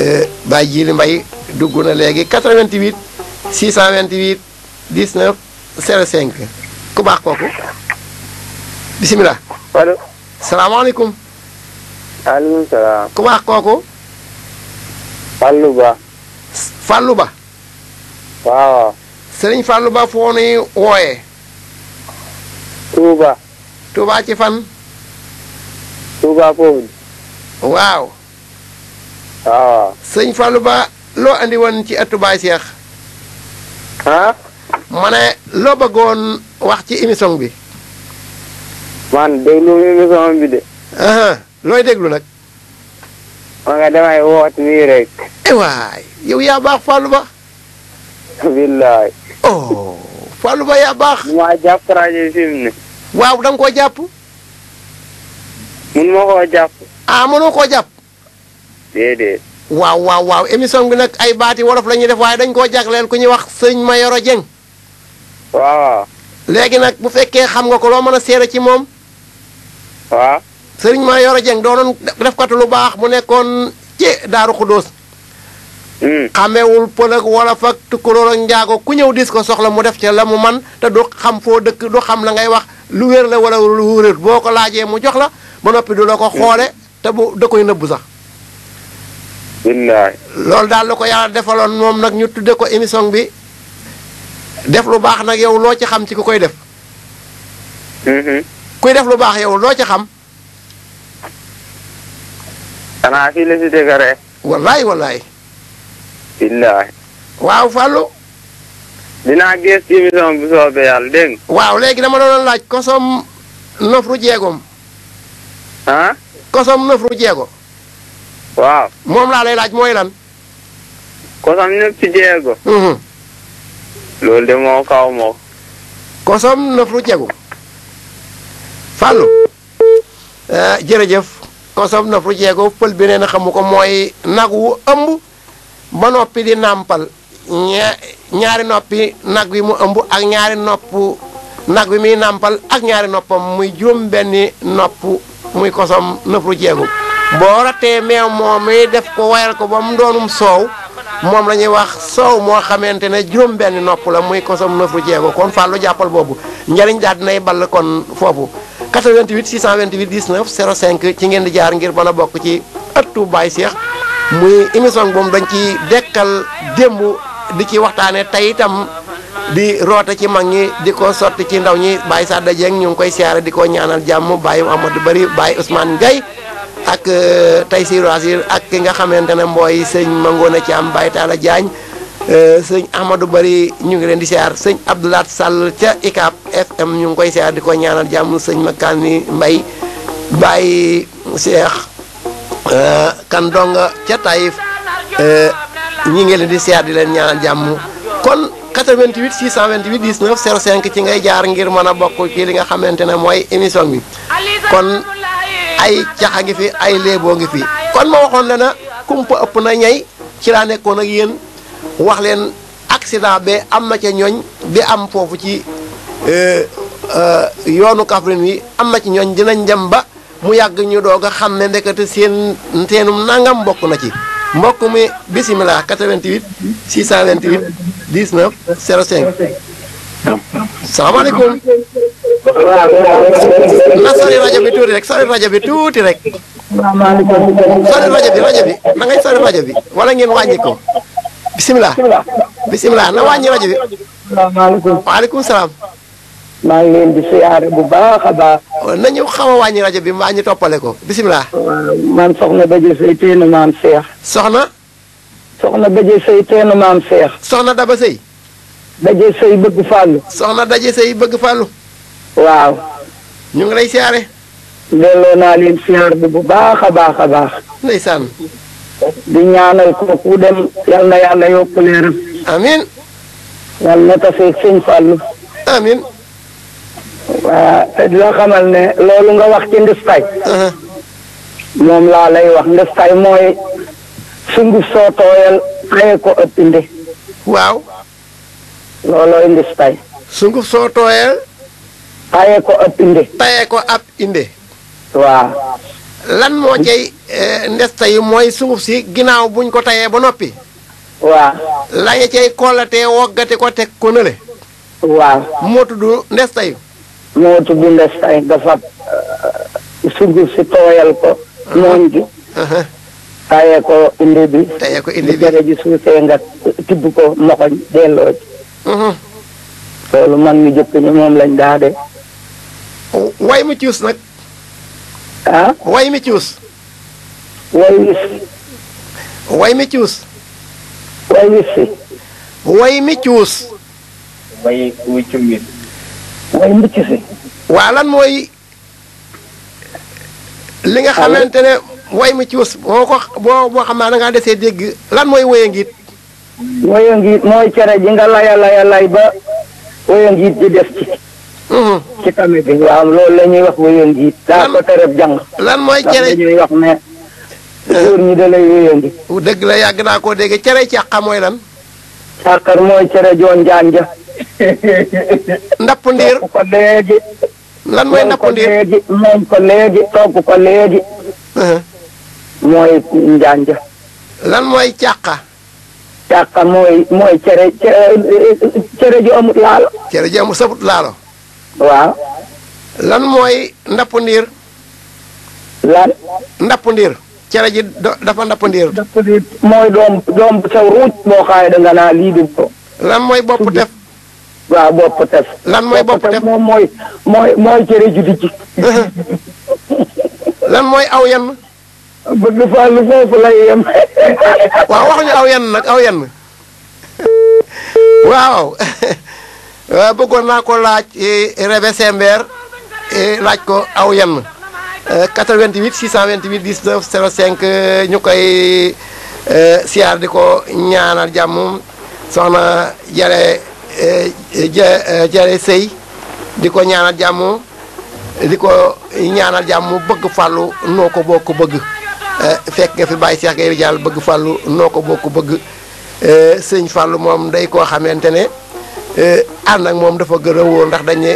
eh, Baay Jili Mbay dugg na léegi 88 628 19 05 ku baax kooku bisimilah. allo. salaamaaleykum. maaleykum salaam. ku kooku. Fallou Ba. Fallou Ba. waaw. Sëriñ Fallou Ba foo nuy wooyee. ci fan. Touba Pound. waaw. waaw. Sëriñ Fallou Ba. lo andi won ci ëttu bay cheikh ha mané lo bëggoon wax ci émission bi man déglu émission bi de ah looy déglu nak ma nga damay woot ni rek eh way yow ya bax fallu ba billahi oh fallu ba ya bax ma japp rajo fi mu ne waaw da nga koo jàpp mun ma japp ah mënoo ko japp dédé waaw waaw waaw émission bi nag ay baati wolof la ñuy def waaye dañ koo jagleel ku ñuy wax sëñ Mayoro Dieng. waaw. léegi nag bu fekkee xam nga ko loo mën a seere ci moom. waaw. sëriñ Mayoro Dieng doonoon def kat lu baax mu nekkoon ci Daaru Xudóos. Hmm. xamewul pël ak wolof ak tukulóor ak njaago ku ñëw dis ko soxla mu def ca la mu man te du xam foo dëkk du xam la ngay wax lu wér la wala lu wér boo ko laajee mu jox la ba noppi du la ko xoole te bu da koy nëbbu sax. billaay. loolu daal la ko yàlla defaloon moom nag ñu tudde ko émission bi def lu baax nag yow loo ci xam ci ku koy def. Mm-hmm. kuy def lu baax yow loo ci xam. xanaa fii la si dégg rek. wallaay wallaay. waaw Fallou. dinaa gis ci émission bi soobee yàlla dégg waaw léegi dama doon laaj kosom nofru jeegom. ah. kosom nofru jeego. waaw moom laa lay laaj mooy lan. kosam ñëpp jeego. Mhm. loolu de moo kaw moo. kosam nëf lu jegu. Fallou. Eh, jërëjëf. kosam nëf pël bi na xamu ko mooy nag wu ëmb ba noppi di nampal ñaari noppi nag wi mu ëmb ak ñaari noppu nag wi muy nàmpal ak ñaari noppam muy juróom benni nopp muy kosam nëf lu boo rattee meew moom mi def ko wayal ko ba mu doonum soow moom la ñuy wax soow moo xamante ne juróom benn nopp la muy kosam nëfu jeego kon fàllu jàppal boobu njariñ daal bal ball kon foofu 88 628 19 05 ci ngeen di jaar ngir mën bokk ci ëttu Baye Cheikh muy émission boobu dañ ci dekkal démb di ci waxtaane tey itam di roote ci mag ñi di ko sotti ci ndaw ñi Baye Sada Dieng ñu ngi koy siyaare di ko ñaanal jàmm baay amat Amadou Bari Baye Ousmane Gueye ak tay euh, Taysiru Asir ak ki nga xamantene mboy mooy mangona ci am Baye Talla Diagne euh, sëñ Ahmadou Bari ñu ngi len di siyaar sëñ abdoulat Sall ca ikap FM ñu ngi koy siyaar di ñaanal jamm sëñ Makani Mbay Baye Cheikh euh, kan donga ca Taïf ñi ngi len di siyaar di len ñaanal jamm kon 88 628 19 05 ci ngay jaar ngir mëna bokku ci li nga xamantene moy émission bi kon ay caxa ngi fi ay léeboo ngi fi kon ma waxoon la na kumpa ëpp na ñey ci laa nekkoon ak yéen wax leen accident ba am na ca ñooñ bi am foofu ci euh, euh, yoonu Kaffrine yi am na ci ñooñ dinañ dem ba mu yàgg ñu doog a xam ne ndekete seen seenum nangam mbokk na ci mbokk mi bisimilah 88 628 19 05 salaamaaleykum na ah, sori rajo bi tuuti rek sori rajo bi tuuti rek. sori rajo bi rajo bi na ngay sori rajo bi wala ngeen wàññi ko. bisimilah bisimilah na wàññi rajo bi. salaamaaleykum waaleykum salaam. maa ngi leen bu baax a baax. Oh, nañu xaw a rajo bi mbaa ñu toppale ko bisimilah. man soxna Bédié Seye teenu maam Cheikh. soxna. soxna Bédié Seye teenu maam Cheikh. soxna Daba Seye. Bédié Seye bëgg fàllu. soxna Bédié Seye bëgg fàllu. waaw. ñu ngi lay siyaare. delloo naa leen siyaar bi bu baax a baax a baax. ndeysaan. di ñaanal kooku dem yal na yàlla yokk leeram. amiin. ne loolu nga wax ci ndëstay. lay wax ndëstay mooy sunguf soo tooyal xëye ko ëppinde. waaw. loolooy ndëstay. sunguf soo tooyal. paye ko ab inde paye ko ab inde waaw lan moo cay eh, ndesta yi mooy suuf si ginnaaw buñ ko tayee ba noppi waaw lañu cay kollatee woggati ko teg ko nële waaw moo tudd ndesta yu moo tudd ndesta yu dafa eh, sugg si tooyal ko uh-huh. nooñ gi uh-huh. tayee ko inde bi tayee ko inde bi jare ji suusee nga tibb ko moxoñ delloo ci uh-huh. loolu mag ñu jëkk ñu moom lañ daa de way mi cius nag. ah. way mi cius. way mi si. way mi cius. way mi waa lan mooy li nga xamante ne way mi cius boo ko boo xam naa da desee dégg lan mooy wéya ngiit. wéya ngiit mooy cere ji nga laya laya lay ba wéya ngiit di ci. Mm-hmm. ci tamit bi waaw loolu la ñuy wax wéyandi it. daa ko tereb lan mooy cere ñuy wax ne. Eh. góor dëgg la yàgg naa koo dégg cere càqa mooy lan. càqar mooy cere joon jaan ja. ndapp ndiir ko léegi. lan mooy ndapp ndiir moom ko léegi togg ko léegi. Uh-huh. mooy njaan ja. lan mooy càqa. càqa mooy mooy cere cere ju amut laalo. cere ju amut sabut laalo. waaw. lan mooy ndapp ndiir. lan. ndapp ndiir. cere ji dafa ndapp ndiir. ndapp ndiir mooy doom doom bu sew ruuj boo xaay da nga lii du ko. lan mooy bopp tef. waaw bopp tef. lan mooy bopp tef moom mooy mooy cere ju di ci. lan mooy aw yenn. bëgg faa lu foofu lay yem. waaw waxuñu aw yenn nag aw yenn. waaw. Euh, bëggoon naa ko laaj eh, Rébé Sembèr eh, laaj ko aw yenn 88 628 19 05 ñu koy euh, siyaar di ko ñaanal jàmm soxna Jare euh, Jare Sëy di ko ñaanal jàmm di ko ñaanal jàmm bëgg fàllu noo ko boo ko bëgg fekk nga fi bàyyi seex ngay jàll bëgg fàllu noo ko bëgg sëñ fàllu moom day koo xamante ne Eh, ànd ak moom dafa gën a wóor ndax dañ ne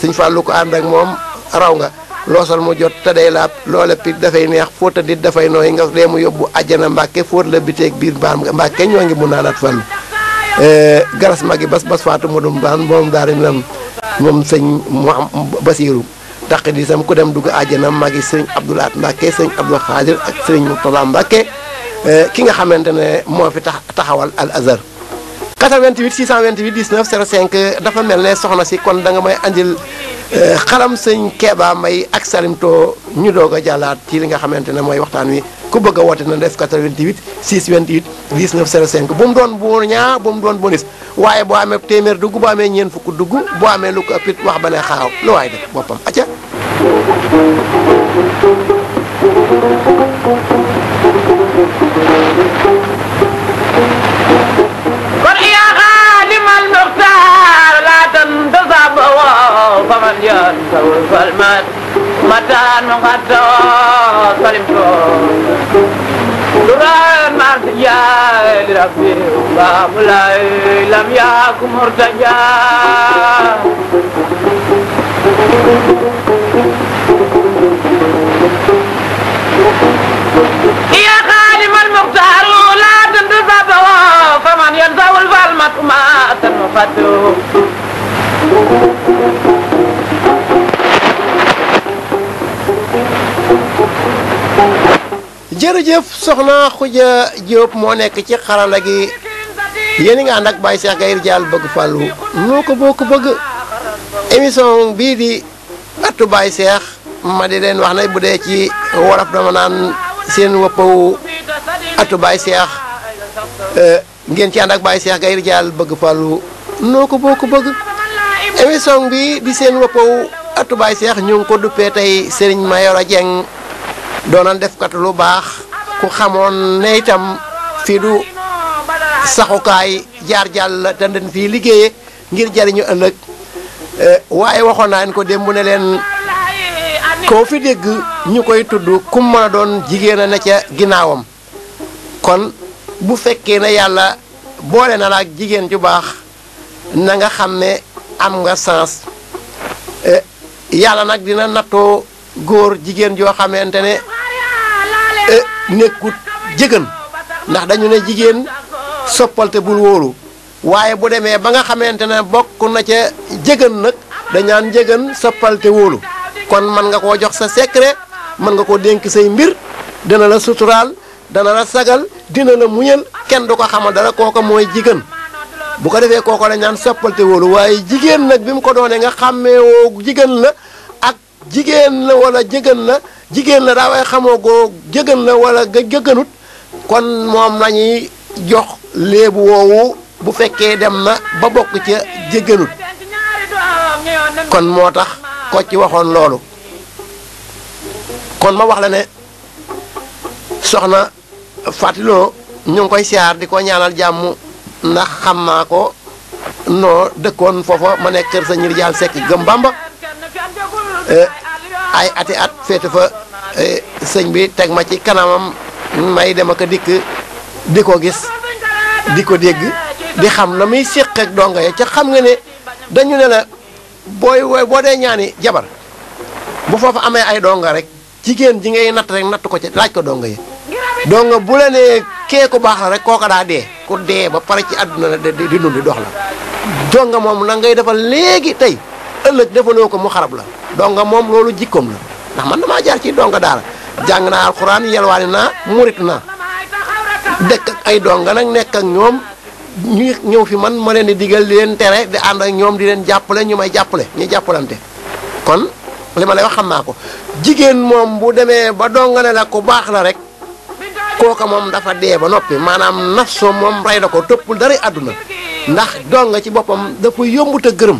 suñ fàllu ko ànd ak moom raw nga loosal mu jot te day laab loola pit dafay neex fóota dit dafay nooy nga dee mu yóbbu àjjana mbàkke fóot la biteeg biir mbaam nga mbàkke ñoo ngi mun naa naat fàllu eh, garas magi bas bas faatu mu moom daal di lan moom sëñ basiiru taq di sam ku dem dugg àjjana magi sëñ abdulaat mbàkke sëñ abdul xaadir ak sëñ murtala mbàkke eh, ki nga xamante ne moo fi tax taxawal al azhar 88 628 19 05 dafa mel ne soxna si kon da nga may andil euh, xalam sëñ Keeba May ak Salimto ñu doog a jàllaat ci li nga xamante ne mooy waxtaan wi ku bëgg woote na def 88 628 19 05 bu mu doon bu ñaa bu mu doon bonus waaye boo amee téeméer dugg boo amee ñeent fukk dugg boo amee lu ko ëpp it wax ba ne xaaw lu waay def boppam acca ذهب فمن ينسوا فالمد متان مقدر سلمت دوران مرتجا لربي باب لم يكن مرتجا يا خادم المختار لا تنتظر فمن ينزل الظلمة ما تنفته jërëjëf soxna xuja Diop moo nekk ci xarala gi yéen nga ànd ak Baye Cheikh Gaye Ridial bëgg fàllu noo ko boo ko bëgg émission bii di ëttu Baye Cheikh ma di leen wax ne bu dee ci wolof dama naan seen wëppawu ëttu Baye Cheikh euh, ngeen ci ànd ak bëgg fàllu noo ko son bi bi seen woppaw atubaay seex ñu ngi ko duppee tey Serigne Mayoro Dieng doonoon defkat lu baax ku xamoon ne itam fii du saxukaay jaar jàll te dañ fii liggéeye ngir jariñu ëllëg eh, waaye waxoon naa leen ko démb ne leen koo fi dégg ñu koy tudd kum mën a doon jigéen a ne ca ginnaawam kon bu fekkee ne yàlla boole na la jigéen ju baax na xam ne am nga sens e, yàlla nag dina nattoo góor jigéen joo xamante ne e, nekkut jigéen ndax dañu ne jigéen soppalte bul wóolu waaye bu demee ba nga xamante ne bokk na ca jigéen nag dañaan jigéen soppalte wóolu kon mën nga koo jox sa secret mën nga ko dénk say mbir dana la suturaal dana la sagal dina la muñal kenn du ko xamal dara kooka mooy jigéen bu ko defee kooko la ñaan soppalte waaye jigéen nag bi mu ko doonee nga xàmmee woo jigéen la ak jigéen la wala jëgën la jigéen la daa waaye xamoo ko jëgën la wala nga jëgënut kon moom lañuy jox léebu woowu bu fekkee dem na ba bokk ca jëgënut kon moo tax ko ci waxoon loolu kon ma waxla ne soxna fàttiloo ñu koy siyaar di ko ñaanal jàmm ndax xam naa ko noo dëkkoon foofa ma nekk kër sëñ Rijaal Seck gëm Bamba eh, ay ati at féete fa eh, sëñ bi teg ma ci kanamam may dem ak dikk di ko gis di ko dégg di xam la muy séq ak donga yi ca xam nga ne dañu ne la booy wooy boo dee ñaani jabar bu foofa amee ay donga rek jigéen ji ngay natt rek natt ko ci laaj ko dongo yi donc bu la ne kee ku baax la rek kooka daa dee ku dee ba pare ci àdduna la di dund dox la donc moom na ngay defal léegi tey ëllëg defaloo ko mu xarab la donc moom loolu jikkoom la ndax man damaa jaar ci donc daara jàng naa alquran yelwaani naa murit naa dekk ak ay donga nag nekk ak ñoom ñu ñëw fi man ma leen di digal di leen tere di ànd ak ñoom di leen jàppale ñu may jàppale ñu jàppalante kon li ma lay wax xam naa ko jigéen moom bu demee ba donga ne la ku baax la rek koka mom dafa dé ba nopi manam nafso mom ray da ko topul dara aduna ndax donga ci bopam da yombut yombu te gërem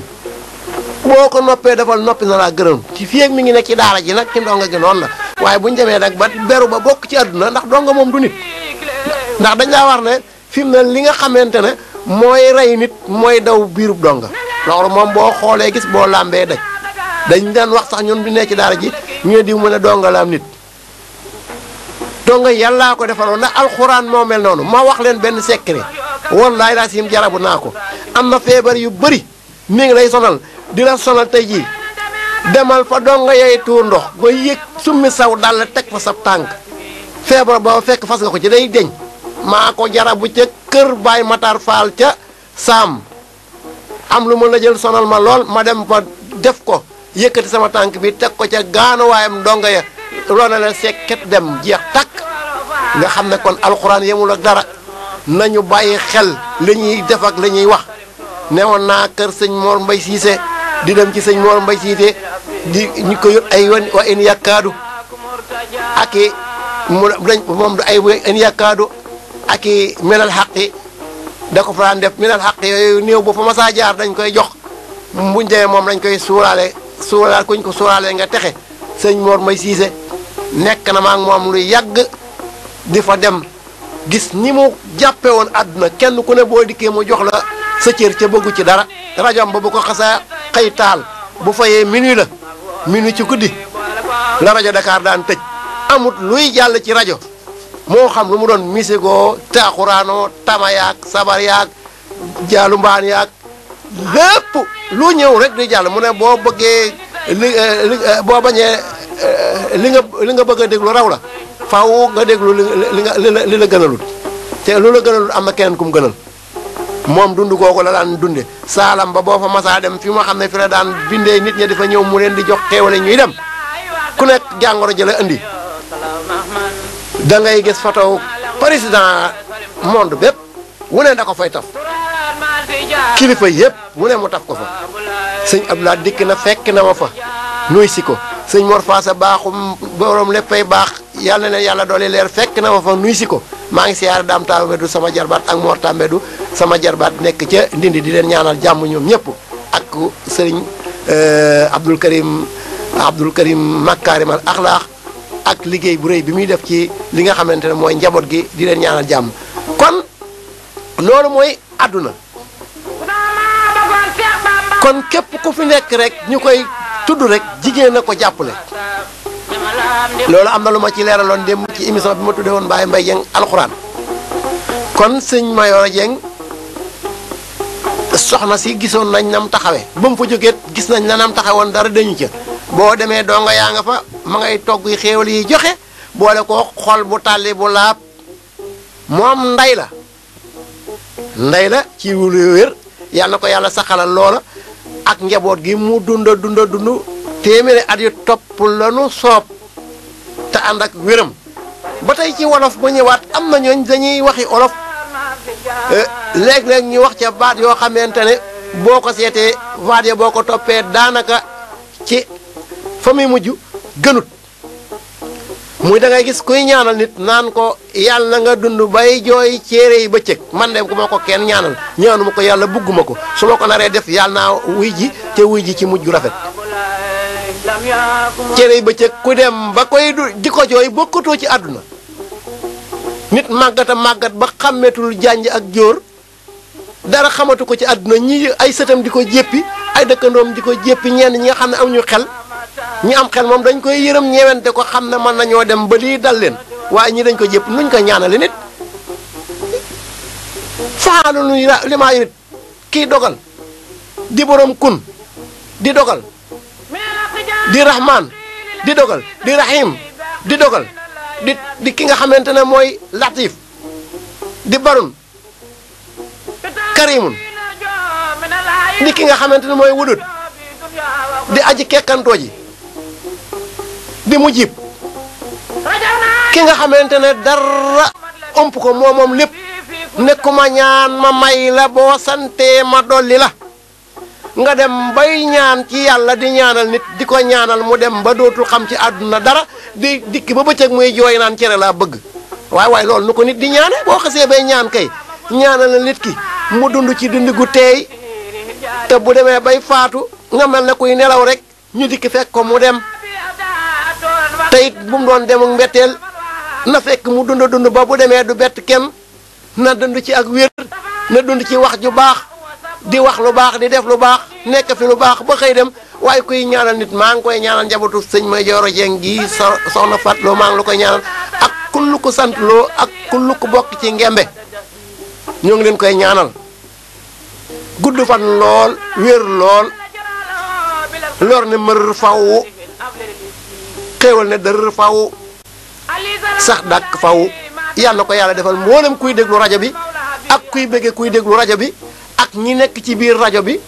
boko noppé dafal noppi na la gërem ci ak mi ngi nek ci daara ji nak ci ndonga gi non la waye buñu démé nak ba bëru ba bok ci aduna ndax donga mom du nit ndax dañ la war né fim na li nga xamante nit moy daw biirub donga loolu mom bo xolé gis bo lambé dañ dañ dan wax sax ñun bi nek ci daara ji ñu di la nit donga yàllaa ko defaloon na alxuraan moo mel noonu ma wax leen benn secret wallaay laa sim jarabu naa ko am na feebar yu bari mi ngi lay sonal di la sonal tey jii demal fa dongo yay tuur ndox ba yëg summi saw dal teg fa sab tànk feebar boo fekk fas ko ci day deñ maa ko bu ca kër Baay Matar Faal ca saam am lu ma la jël sonal ma lool ma dem fa def ko yëkkati sama tànk bi teg ko ca gaanuwaayam dongo ya ronale sekket dem jeex tàkk nga xam ne kon alxuraan yemul ak dara nañu bàyyi xel li ñuy def ak li ñuy wax newoon naa kër sëñ Mor Mbay Siise di dem ci sëñ Mor Mbay Siise di ñu ko yót ay wan wa in yàkkaadu ak i mu dañ moom ay wa ak i melal xaqi da ko faraan def melal xaq yooyu néew ba fa masaa jaar dañ koy jox buñ demee moom dañ koy suuraale suuraal kuñ ko suuraale nga texe sëñ Mor may siise nekk na ma ak moom lu yàgg di fa dem gis ni mu jàppe woon àdduna kenn ku ne boo dikkee mu jox la sa cër ca bëggu ci dara rajom ba bu ko xasaa xëy taal bu fayee minuit la minuit ci guddi la rajo Dakar daan tëj amut luy jàll ci rajo moo xam lu mu doon misigoo taaxuraanoo tama yaag sabar yaag jaalu mbaan yaag lépp lu ñëw rek di jàll mu ne boo bëggee li eh, li eh, boo bañee eh, li nga li nga bëgg a déglu raw la faaw nga déglu li li nga li la gënalul te lu la gënalul am na keneen ku mu gënal moom dund googu la daan dunde saalam ba boo fa masaa dem fi ma xam ne fi la daan bindee nit ñi dafa ñëw mu leen di jox xéewale ñuy dem ku nekk jàngoro ji la indi da ngay gis photo président monde bépp wu ne da ko fay taf kilifa yëpp wu ne mu taf ko fa sëñ Abdoulaye dikk na fekk na ma fa nuy si ko sëñ Mor baaxum borom léppay baax yàlla na yàlla doole leer fekk na ma fa nuy si ko maa ngi siyaare daam Tambédou sama jarbaat ak Mor Tambédou sama jarbaat nekk ca Ndindi di leen ñaanal jàmm ñoom ñëpp ak sëriñ eh, Abdul Karim Abdul Karim Makarimal Akhlaax ak liggéey bu réy bi muy def ci li nga xamante ne mooy njaboot gi di leen ñaanal jàmm kon loolu mooy àdduna. kon képp ku fi nekk rek ñu koy tudd rek jigéen na ko jàppale loolu am na lu ma ci leeraloon démb ci émission bi ma tuddee woon Baye Mbaye Dieng kon sëñ Mayoro Dieng soxna si gisoon nañ nam taxawe ba mu fa jógee gis nañ la nam taxawoon dara dañu ca boo demee donga yaa nga fa ma ngay togg xéewal yi joxe boole ko xol bu tàlli bu laab mu am nday la ndey la ci wér yàlla na ko yàlla saxalal loola ak njaboot gi mu dunda dunda dund téeméeri at yu topp lanu soob te ànd ak wéram ba tey ci wolof ba ñëwaat am na ñooñ dañuy waxi olof eh, léeg-léeg ñu wax ca baat yoo xamante ne boo ko seetee baat ya boo ko toppee daanaka ci fa muy mujj gënut muy da ngay gis kuy ñaanal nit naan ko yalla nga dund bay joy céere yi bëccëg man de ku ko kenn ñaanal ñaanuma ko yalla bugguma ko su ma ko naree def yalla na wuy ji te wuy ji ci mujj gu rafet céere yi bëccëg ku dem ba koy di joy ci aduna nit magata magat ba xàmmeetul janj ak jor dara xamatu ko ci aduna ñi ay sëtam diko jéppi ay dekkandom diko jéppi ñi nga xamne am ñu xel ñi am xel moom dañ koy yërëm ñewente ko xam ne mën nañoo dem ba lii dal leen waaye ñii dañ ko jëpp nuñ ko ñaanale nit faalu nuñ li maa kii dogal di borom kun di dogal di rahman di dogal di rahim di dogal di di ki nga xamante ne mooy latif di barun karimun di ki nga xamante ne mooy wudut di aji kekkantoo ji di mu jib ki nga xamante ne dara ëmp ko moo moom lépp nekkuma ñaan ma may la boo santee ma dolli la nga dem bay ñaan ci yàlla di ñaanal nit di ko ñaanal mu dem ba dootul xam ci àdduna dara di dikk ba bëccëg muy jooy naan cere laa bëgg waaye waaye loolu nu ko nit di ñaane boo xasee bay ñaan kay ñaanal nit ki mu dund ci dund gu teey te bu demee bay faatu nga mel ne kuy nelaw rekk ñu dikk fekk ko mu dem tayit bu mu doon dem ak mbetteel na fekk mu dund dund ba bu demee du bett kenn na dund ci ak wér na dund ci wax ju baax di wax lu baax di def lu baax nekk fi lu baax ba xëy dem waaye kuy ñaanal nit maa ngi koy ñaanal njabootu sëñ ma jooro jeng gi soxna fat lo maa ngi la koy ñaanal ak kullu ko sant loo ak kullu ko bokk ci ngembe ñu ngi leen koy ñaanal gudd fan lool wér lool lor ne mër faw xéewal ne dër faw sax dàkk faw yàlla ko yàlla defal mboolem kuy déglu rajo bi ak kuy bëggee kuy déglu rajo bi ak ñi nekk ci biir rajo bi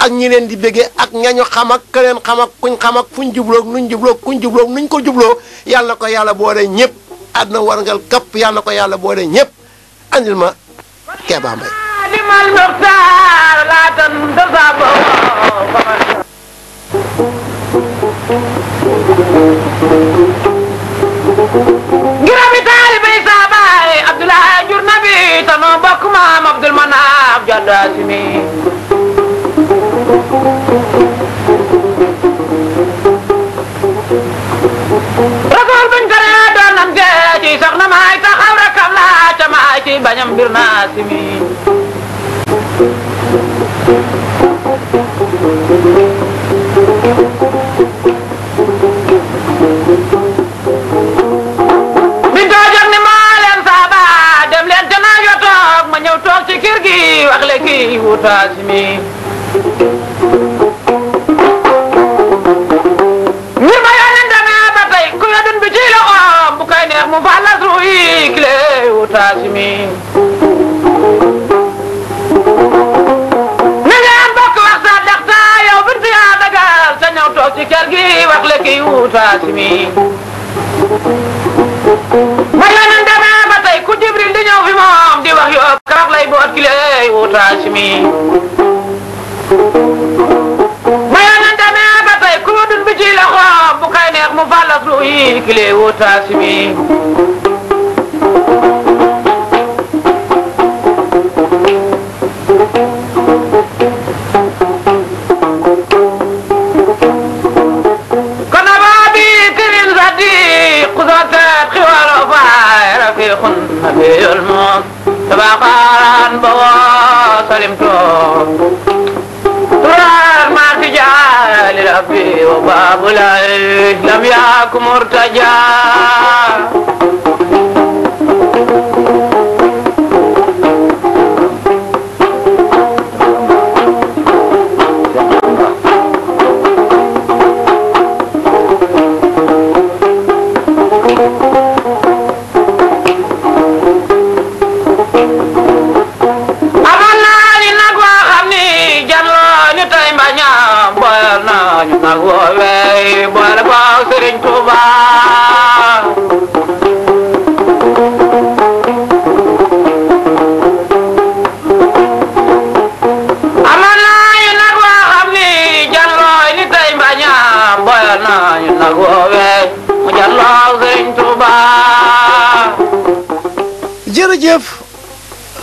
ak ñi leen di bëggee ak ñañu xam ak ka leen xam kuñ xam ak fuñ jubloog nuñ jubloog kuñ jubloog nuñ ko jubloo yàlla ko yàlla boole ñëpp àdduna warngal kapp yàlla ko yàlla boole ñëpp andil ma Keba Mbaye gërami taalibe yi saa baay Abdoulaye jur na bi Abdul Manaf Jaddaasimi sini. buñ karee doon dan gee ci soxna maay taxaw rakam laa ca maay ci bañam bir naa kii wax le kii wutaas mi ngir ma yoonen danaa ba tey ku yodun bi ci loxoom bu koy neex mu falas ru yi kile wutaas mi ni ngeen bokk wax sa daxta yow binti yaa dagal sa ñëw toog ci kër gi wax le kii wutaas mi moom di wax yu ëpp bu kay neex mu fàllas lu yi أبو العيش لم يعك مرتجى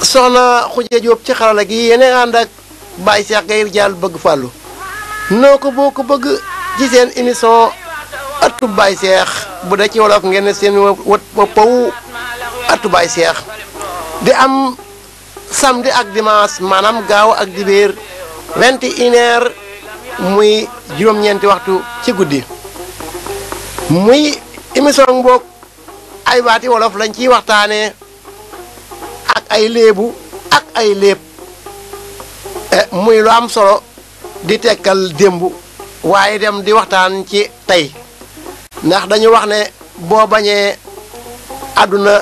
soxna Khoudia Diop ci xarala gi yeneen a ànd ak Baye Cheikh Gaye Rijaal bëgg fàllu noo ko boo ko bëgg ci seen émission ëttu Baye Cheikh bu dee ci wolof ngeen seen wat paw ëttu Baye Cheikh di am samedi ak dimanche maanaam gaaw ak dibéer vingt et une muy juróom-ñeenti waxtu ci guddi muy émission boog ay baati wolof lañ ciy waxtaanee. ay léebu ak ay léeb eh, muy lu am solo di tekkal démb waaye dem di waxtaan ci tey ndax dañu wax ne boo bañee àdduna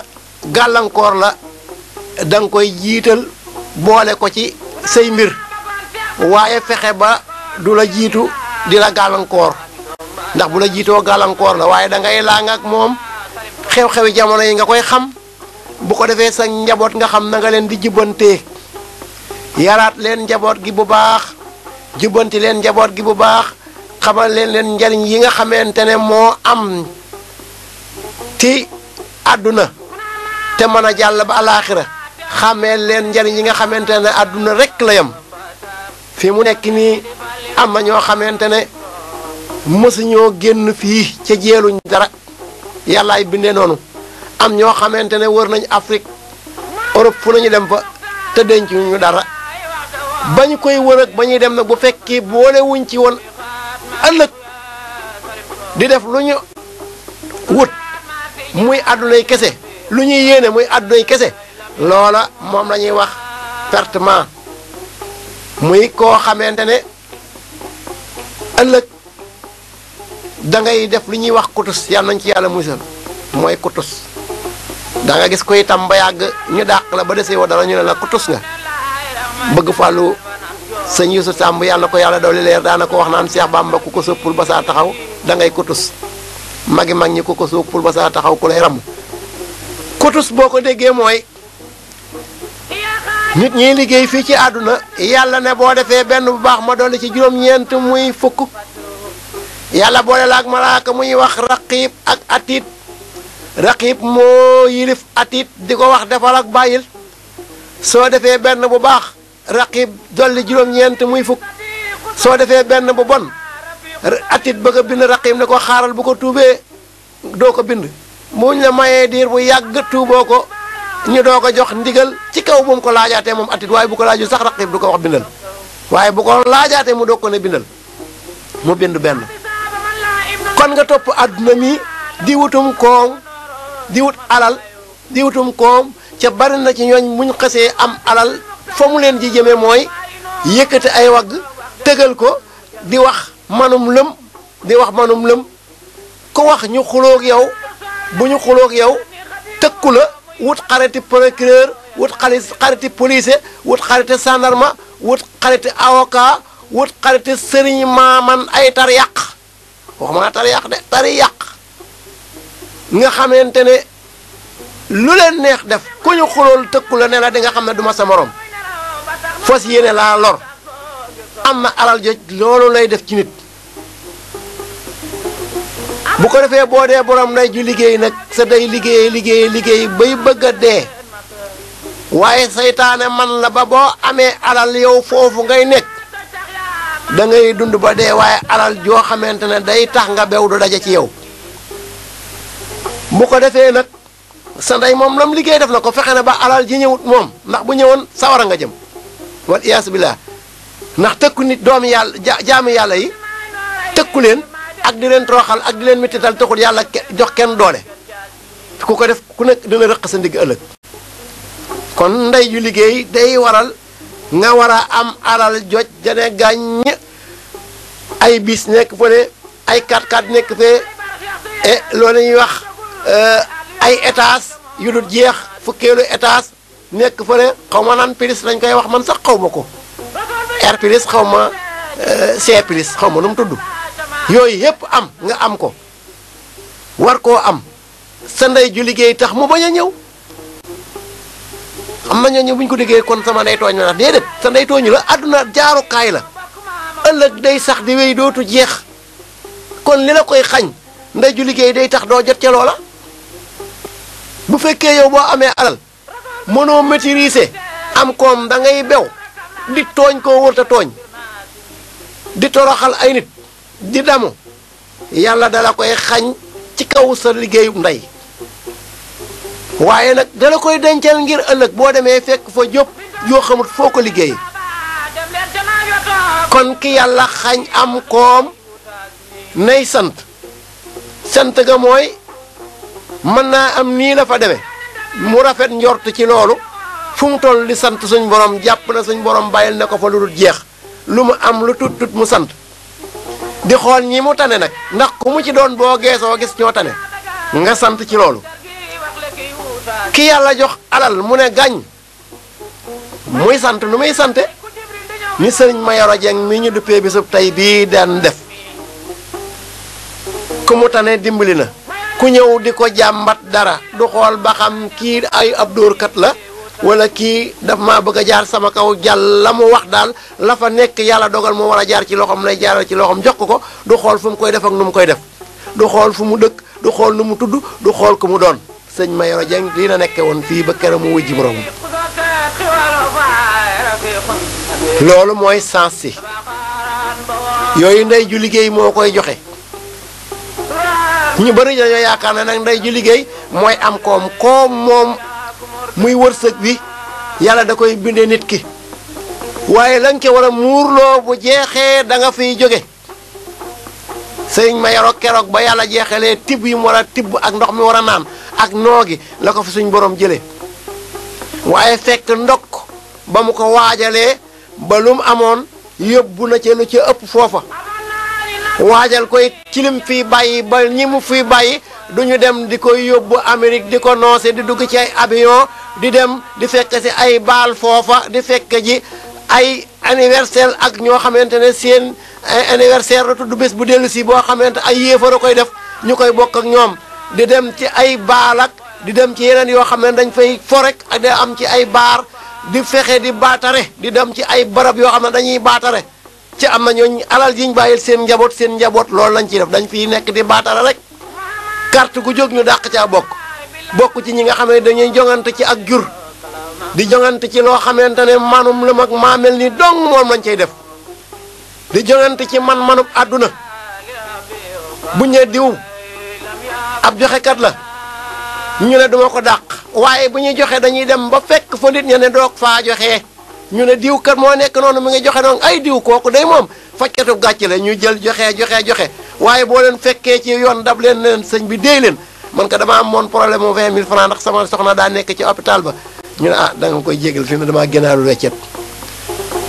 gàllankoor la da koy jiital boole ko ci say mbir waaye fexe ba du la jiitu di la gàllankoor ndax bu la jiitoo gàllankoor la waaye da laa nga ak moom xew-xewi jamono yi nga koy xam bu ko defee sa njaboot nga xam nanga leen di jubbantee yaraat leen njaboot gi bu baax jubbanti leen njaboot gi bu baax xamal leen leen njariñ yi nga xamante ne moo am ci àdduna te mën a jàll ba alaaxira xamee leen njariñ yi nga xamante ne àdduna rekk la yam fi mu nekk nii am na ñoo xamante ne mësuñoo génn fii ci jeeluñ dara yàllaay bindee noonu am ñoo xamante ne wër nañ Afrique Europe fu nañu dem fa te denc ñu dara bañ koy wër ba ñuy dem na bu fekkee boole wuñ ci woon ëllëg di def lu ñu wut muy àddunay kese lu ñuy yéene muy àddunay kese loola moom la ñuy wax pertement muy koo xamante ne ëllëg da ngay def lu ñuy wax kutus yàlla nañ ci yàlla musal mooy kutus da gis ko itam ba yàgg ñu dàq la ba desee woo dara ñu ne la ko tus nga bëgg fàllu sëñ Yuusu Sàmb yàlla ko yàlla dooli leer daana ko wax naan Seex Bàmba ku ko sëppul ba saa taxaw dangay ngay ko tus magi mag ñi ku ko soppul ba saa taxaw ku lay ramm ku boo ko déggee mooy nit ñiy liggéey fii ci àdduna yàlla ne boo defee benn bu baax ma dolli ci juróom-ñeent muy fukk yàlla boole la ak malaaka muy wax raqiib ak atiit raqib mo yilif atit di ko wax defal ak bayil so defé ben bu bax raqib doli juróom ñent muy fuk so defé ben bu bon atit bëgg bind raqib ne ko xaaral bu ko tuubé do ko bind muñ la mayé dir bu yag tuuboko ko ñu do ko jox ndigal ci kaw bu ko laajaatee mom atit way bu ko laaju sax raqib du ko wax bindal way bu ko laajaatee mu do ko ne bindal mu bind ben kon nga top aduna mi di wutum koom di wut alal di wutum koom ca bari na ci ñooñ muñ xasee am alal fa mu leen ji jëme mooy yëkkati ay wagg tëgal ko di wax manum lëm di wax manum lëm ku wax ñu xuloog yow bu ñu xuloog yow tëkku la wut xariti procureur wut xalis xariti policier wut xariti sàndarma wut xariti avocat wut xariti sëriñ maaman ay tar yàq wax ma tar yàq de tari yàq nga xamante ne lu leen neex def ku ñu xulool tëkku la ne la di nga xam ne duma sa moroom fas yéene laa lor am na alal joj loolu lay def ci nit bu ko defee boo dee borom nay ju liggéey nag sa day liggéey liggéey liggéey bay bëgg a dee waaye seytaane man la ba boo amee alal yow foofu ngay nekk dangay dund ba dee waaye alal joo xamante ne day tax nga bew du daje ci yow bu ko defee nag sa ndey moom lam liggéey def na ko fexe na ba alal ji ñëwut moom ndax bu ñëwoon sawara nga jëm wal iyaas billah ndax tëkku nit doom yàlla ja yàlla yi tëkku leen ak di leen toroxal ak di leen mettital taxul yàlla jox kenn doole ku ko def ku nekk dina rëq sa ndigg ëllëg kon ndey ju liggéey day waral nga war a am alal joj jane gàññ ay bis nekk fële ay kat kat nekk fee eh, loolu ñuy wax Euh, ay étages yu dul jeex fukkeelu étage nekk fële xaw ma naan pilis lañ koy wax man sax xaw ma ko air pilis xaw ma euh, C pilis xaw ma nu mu tudd yooyu yépp am nga am ko war koo am sa ndey ju liggéey tax mu bañ a ñëw am na ñooñu bu ñu ko liggéey kon sama ndey tooñ ma ndax déedéet sa ndey tooñu la àdduna jaarukaay la ëllëg day sax di wéy dootu jeex kon li la koy xañ ndey ju liggéey day tax doo jot ca loola. bu fekkee yow boo amee alal mënoo maîtriser am koom dangay ngay bew di tooñ koo wërta tooñ di toroxal ay nit di damu yàlla dala koy xañ ci kaw sa liggéeyub ndey waaye nag dala koy dencal ngir ëllëg boo demee fekk fa jóp yoo xamut foo ko liggéey kon ki yàlla xañ am koom nay sant sant ga mooy mën naa am nii la fa demee mu rafet njort ci loolu fu mu toll di sant suñ borom jàpp na suñ borom bàyyil na ko fa lu dul jeex lu mu am lu tut tut mu sant di xool ñii mu tane nag ndax ku mu ci doon boo geesoo gis ñoo tane nga sant ci loolu ki yàlla jox alal mu ne gàññ muy sant lu muy sante ni sëriñ Mayoro Dieng mi ñu duppee bisub tey bii daan def ku mu tane dimbali na ku ñew diko jambat dara du xol ba ki ay abdur kat la wala ki daf ma bëgg jaar sama kaw jall la mu wax dal la fa nek yalla dogal mo wara jaar ci loxam lay jaar ci loxam jox ko du xol fu mu koy def ak nu mu koy def du xol fu mu dëkk du xol nu mu tuddu du xol ku mu doon señ mayoro jeng li na won fi ba kërëm wujji borom lolu moy sansi yoy ndey ju mo koy joxe ñu bari dañoo yaakaar na nag ndey ju liggéey mooy am koom koom moom muy wërsëg bi yàlla da koy bindee nit ki waaye lañ ko war a muurloo bu jeexee danga nga fiy jóge sëriñ ma yoro keroog ba yàlla jeexalee tibb yi mu war a tibb ak ndox mi war a naan ak noo la ko fi suñ borom jëlee waaye fekk ndokk ba mu ko waajalee ba lu amoon yóbbu na ca lu ëpp foofa waajal ko it ci lim fii bàyyi ba ñi mu fii bàyyi du ñu dem di koy yóbbu Amérique di ko noose di dugg ci ay avion di dem di fekk si ay baal foofa di fekk ji ay anniversaire ak ñoo xamante ne seen eh, anniversaire la du bés bu dellu si boo xamante ay yéefar a koy def ñu koy bokk ak ñoom di dem ci ay baal di dem ci yeneen yoo xam ne dañ fay fo rek ak day am ci ay baar di fexe di baatare di dem ci ay barab yoo xam ne dañuy baatare ci am ñoo alal yiñ bayil seen njabot seen njabot lool lañ ci def dañ fi nekk di baatara rek carte gu jog ñu dakk caa bok bok ci ñi nga xamé dañuy jongante ci ak jur di jongante ci lo xamantene manum lu mak ma ni dong mom lañ cey def di jongante ci man manub aduna bu ñe diw ab kat la ñu ne duma ko dakk waye bu ñi joxe dañuy dem ba fekk fo nit ñene dok fa joxe ñu ne diw kat moo nekk noonu mu ngi joxe noonu ay diw kooku day moom fajkatu gàcc la ñu jël joxe joxe joxe waaye boo leen fekkee ci yoon dab leen leen sëñ bi déy leen man ko dama moon problème mu 20 000 francs ndax sama soxna daa nekk ci hôpital ba ñu ne ah da nga koy jégal fi ne damaa gënaalu weccet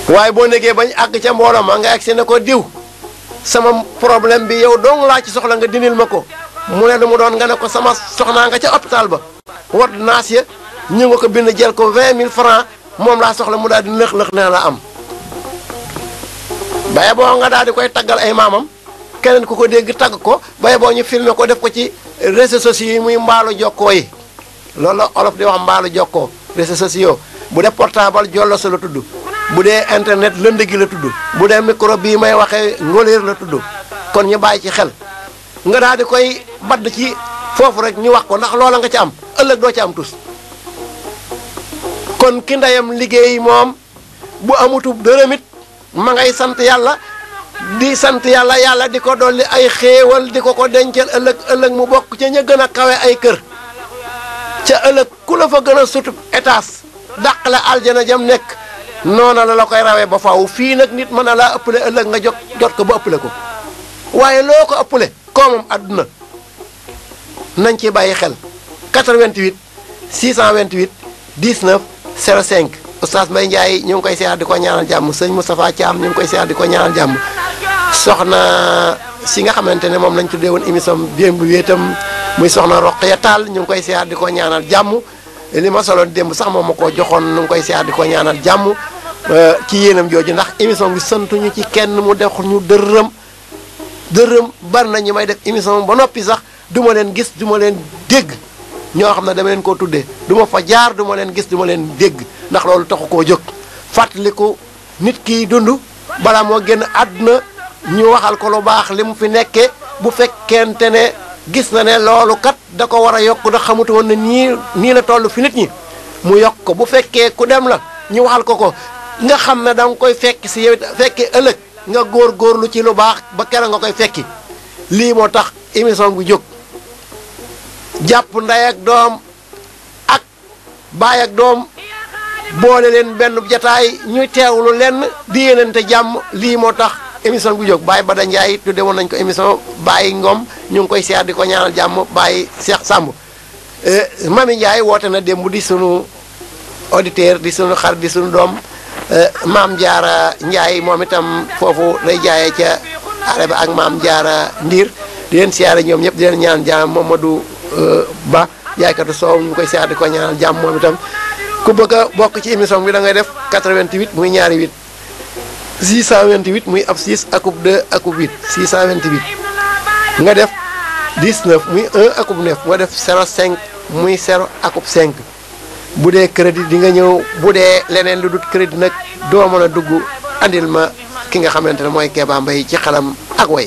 waaye boo nekkee bañ àgg ca mbooloo ma nga agsi ne ko diw sama problème bi yow dong laa ci soxla nga dinil ma ko mu ne lu mu doon nga ne ko sama soxnaa nga ca hôpital ba war naas ya ñu nga ko bind jël ko vingt mille francs moom laa soxla mu daal di lëx-lëx nee la am baye boo nga daal di koy taggal ay maamam keneen ku ko dégg tagg ko baye boo ñu filmé ko def ko ci réseaux sociaux yi muy mbaalu jokkoo yi loolu la olof di wax mbaalu jokkoo réseaux sociaux bu dee portable jollo sa la tudd bu dee internet lënd gi la tudd bu dee micro bii may waxee ngóoleer la tudd kon ñu bàyyi ci xel nga daal di koy badd ci foofu rek ñu wax ko ndax loola nga ci am ëllëg doo ci am tus kon ki ndeyam liggéey moom bu amutub dërëmit ma ngay sant yàlla di sant yàlla yàlla di ko dolli ay xéewal di ko ko dencal ëllëg ëllëg mu bokk ca ña gën a kawe ay kër ca ëllëg ku la fa gën a sutub étage dàq la aljana jam nekk noona la la koy rawe ba faaw fii nag nit mën a laa ëppale ëllëg nga jot jot ko ba ëppale ko waaye loo ko ëppale koomam àdduna nañ ci bàyyi xel 88 628 19 05 oustaz Mbaye Ndiaye ñu ngi koy seeyaat di ko ñaanal jàmm sëñ Moustapha Thiam ñu ngi koy seeyaat di ko ñaanal jàmm soxna si nga xamante ne moom lañ tuddee woon émission démb wéetam muy soxna Roqaya Tall ñu ngi koy seeyaat di ko ñaanal jàmm li ma soloon démb sax moom ma koo joxoon ñu ngi koy seeyaat di ko ñaanal jàmm euh, ci yéenam jooju ndax émission bi santuñu ci kenn mu def ñu dërëm dërëm bari na ñu may def émission ba noppi sax duma leen gis duma leen dégg ñoo xam ne dama leen koo tuddee duma ma fa jaar du leen gis du ma leen dégg ndax loolu taxu koo jóg fàttaliku nit kiy dund balaa moo génn àdduna ñu waxal ko lu baax li mu fi nekkee bu fekkente ne gis na ne loolu kat da ko war a yokk ndax xamut woon ne nii nii la toll fi nit ñi mu yokk ko bu fekkee ku dem la ñu waxal ko ko nga xam ne da nga koy fekk si yow fekkee ëllëg nga góor góorlu ci lu baax ba keroog nga koy fekki lii moo tax émission bi jóg jàpp ndey ak doom ak baay ak doom boole leen benn jataay ñuy teewlu lenn di yéenante jàmm lii moo tax émission bu jóg Baye Bada Ndiaye tudde woon nañ ko émission Baye ngoom ñu ngi koy seet di ko ñaanal jàmm Baye Cheikh Samb eh, Mami Ndiaye woote na demb di sunu auditeur di sunu xar di sunu doom eh, maam Diarra Ndiaye moom itam foofu lay jaayee ca arrêt ba ak maam Diarra Ndiir di leen siyaare ñoom ñëpp di leen moom jàmm Mamadou Euh, ba jaaykatu soow ñu koy seet di ko ñaanal jàmm moom itam ku bëgg a bokk ci émission bi da ngay def 88 muy ñaari 8 628 muy ab 6 akub 2 akub 8 628 nga def 19 muy 1 akub 9 nga def 05 muy 0 akub 5 bu dee crédit di nga ñëw bu dee leneen lu dut crédit nag doo mën a dugg andil ma ki nga xamante ne mooy Keba mbay ci xalam ak way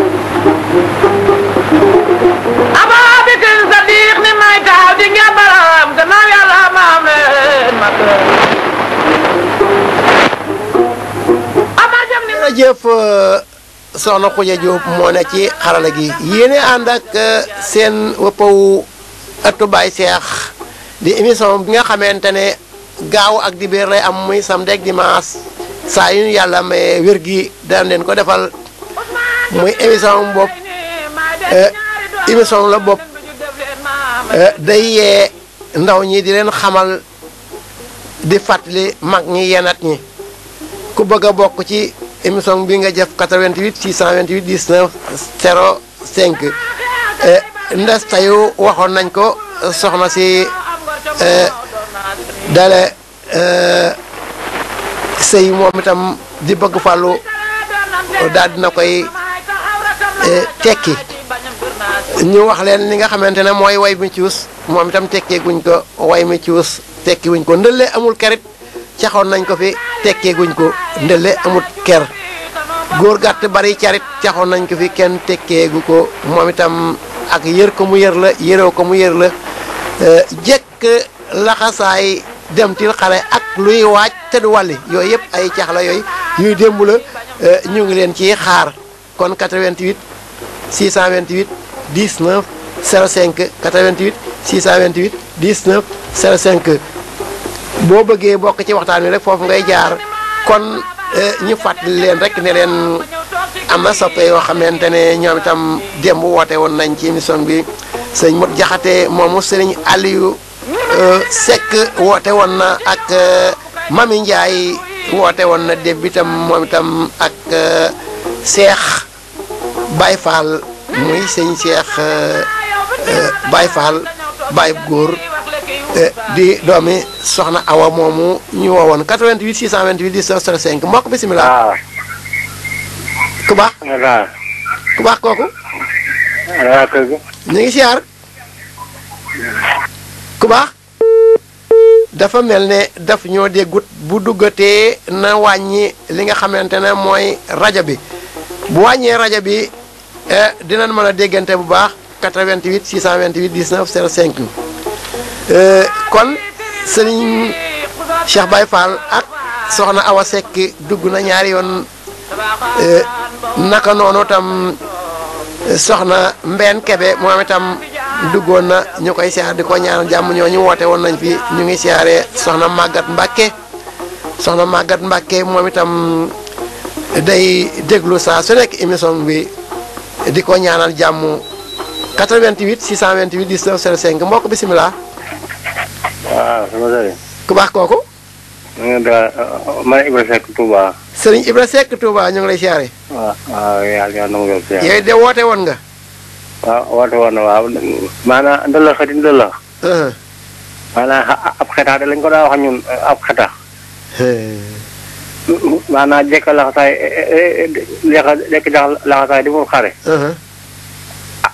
Hatinya malam, tenang ya lama men. jërëjëf soxna Khoudia Diop moo ne ci iya, di ini bi nga xamante ne gaaw ak dibéer lay am muy samedi ak dimanche saa ya yu yàlla may wér gi daan ko defal muy eh, la Eh, day yee ndaw ñi di leen xamal di fàttali mag ñi yenat ñi ku bëgg a bokk ci émission bi nga jëf 88 628 19 05 ndes tayu waxoon nañ ko soxna si eh, dale eh, sëy moom itam di bëgg fàllu daal dina koy tekki ñu wax leen li nga xamante ne mooy way muccius moom itam tekkee guñ ko way muccius tekki wuñ ko ndëlle amul kerit caxoon nañ ko fi tekkee guñ ko ndëlle amul ker góor gàtt bari carit caxoon nañ ko fi kenn tekkee gu ko moom itam ak yër ko mu yër la yëroo ko mu yër la euh, jekk laxasaay demtil xare ak luy waaj te du wàlli yooyu yëpp ay cax la yooyu yuy démb la euh, ñu ngi leen ci xaar kon 88 628 19 05 88 628 19 05 boo bëggee bokk ci waxtaan wi rek foofu ngay jaar kon eh, ñu fàttali leen rek ne leen am na soppe yoo xamante ne ñoom itam démb woote woon nañ ci émission bi sëñ Modou Diakhaté moomu sëriñ Aliou eh, Seck woote woon na ak eh, Mami Ndiaye woote woon na démb itam moom itam ak Cheikh Baye Fall. muy sëñ Cheikh euh, euh, Baye Fall Baye Góor euh, di doomi soxna Awa moomu ñu woowoon woon 628 19 05 mbokk bisimilah. waaw. Ah. ku baax. waaw. Ah, ku baax kooku. waaw ah, ngi siyaar. ku dafa mel ne daf ñoo déggut bu duggatee na wàññi li nga xamante ne mooy rajo bi bu wàññee rajo bi. Eh, dinañ mën a déggante bu baax 88 628 19 05 kon sëriñ Cheikh bay Fall ak soxna Awa Seck dugg na ñaari yoon eh, naka noonu tam eh, soxna Mbène Kebe moom itam duggoon na ñu koy siyaar di jàmm ñoo ñu woon nañ fi ñu ngi siyaaree soxna màggat mbàkke soxna màggat mbàkke moom itam day déglu saa su nekk émission bi. di ñaanal jamm 88 628 19 mbokk bisimilah. waaw sama sëriñ. ku baax kooku. man Ibra Seck Touba. Serigne Ibra Seck Touba ñu ngi lay siyaare. waaw waaw Ya yàlla na ma gëm siyaare. yooyu Mana woote woon nga. Mana woote mana na waaw maanaam ndëlla uh-huh. mana ab de lañ ko wax ñun ab maanaam jekka laxasaay lekk jax laxasaay di mu xare uh-huh. ah,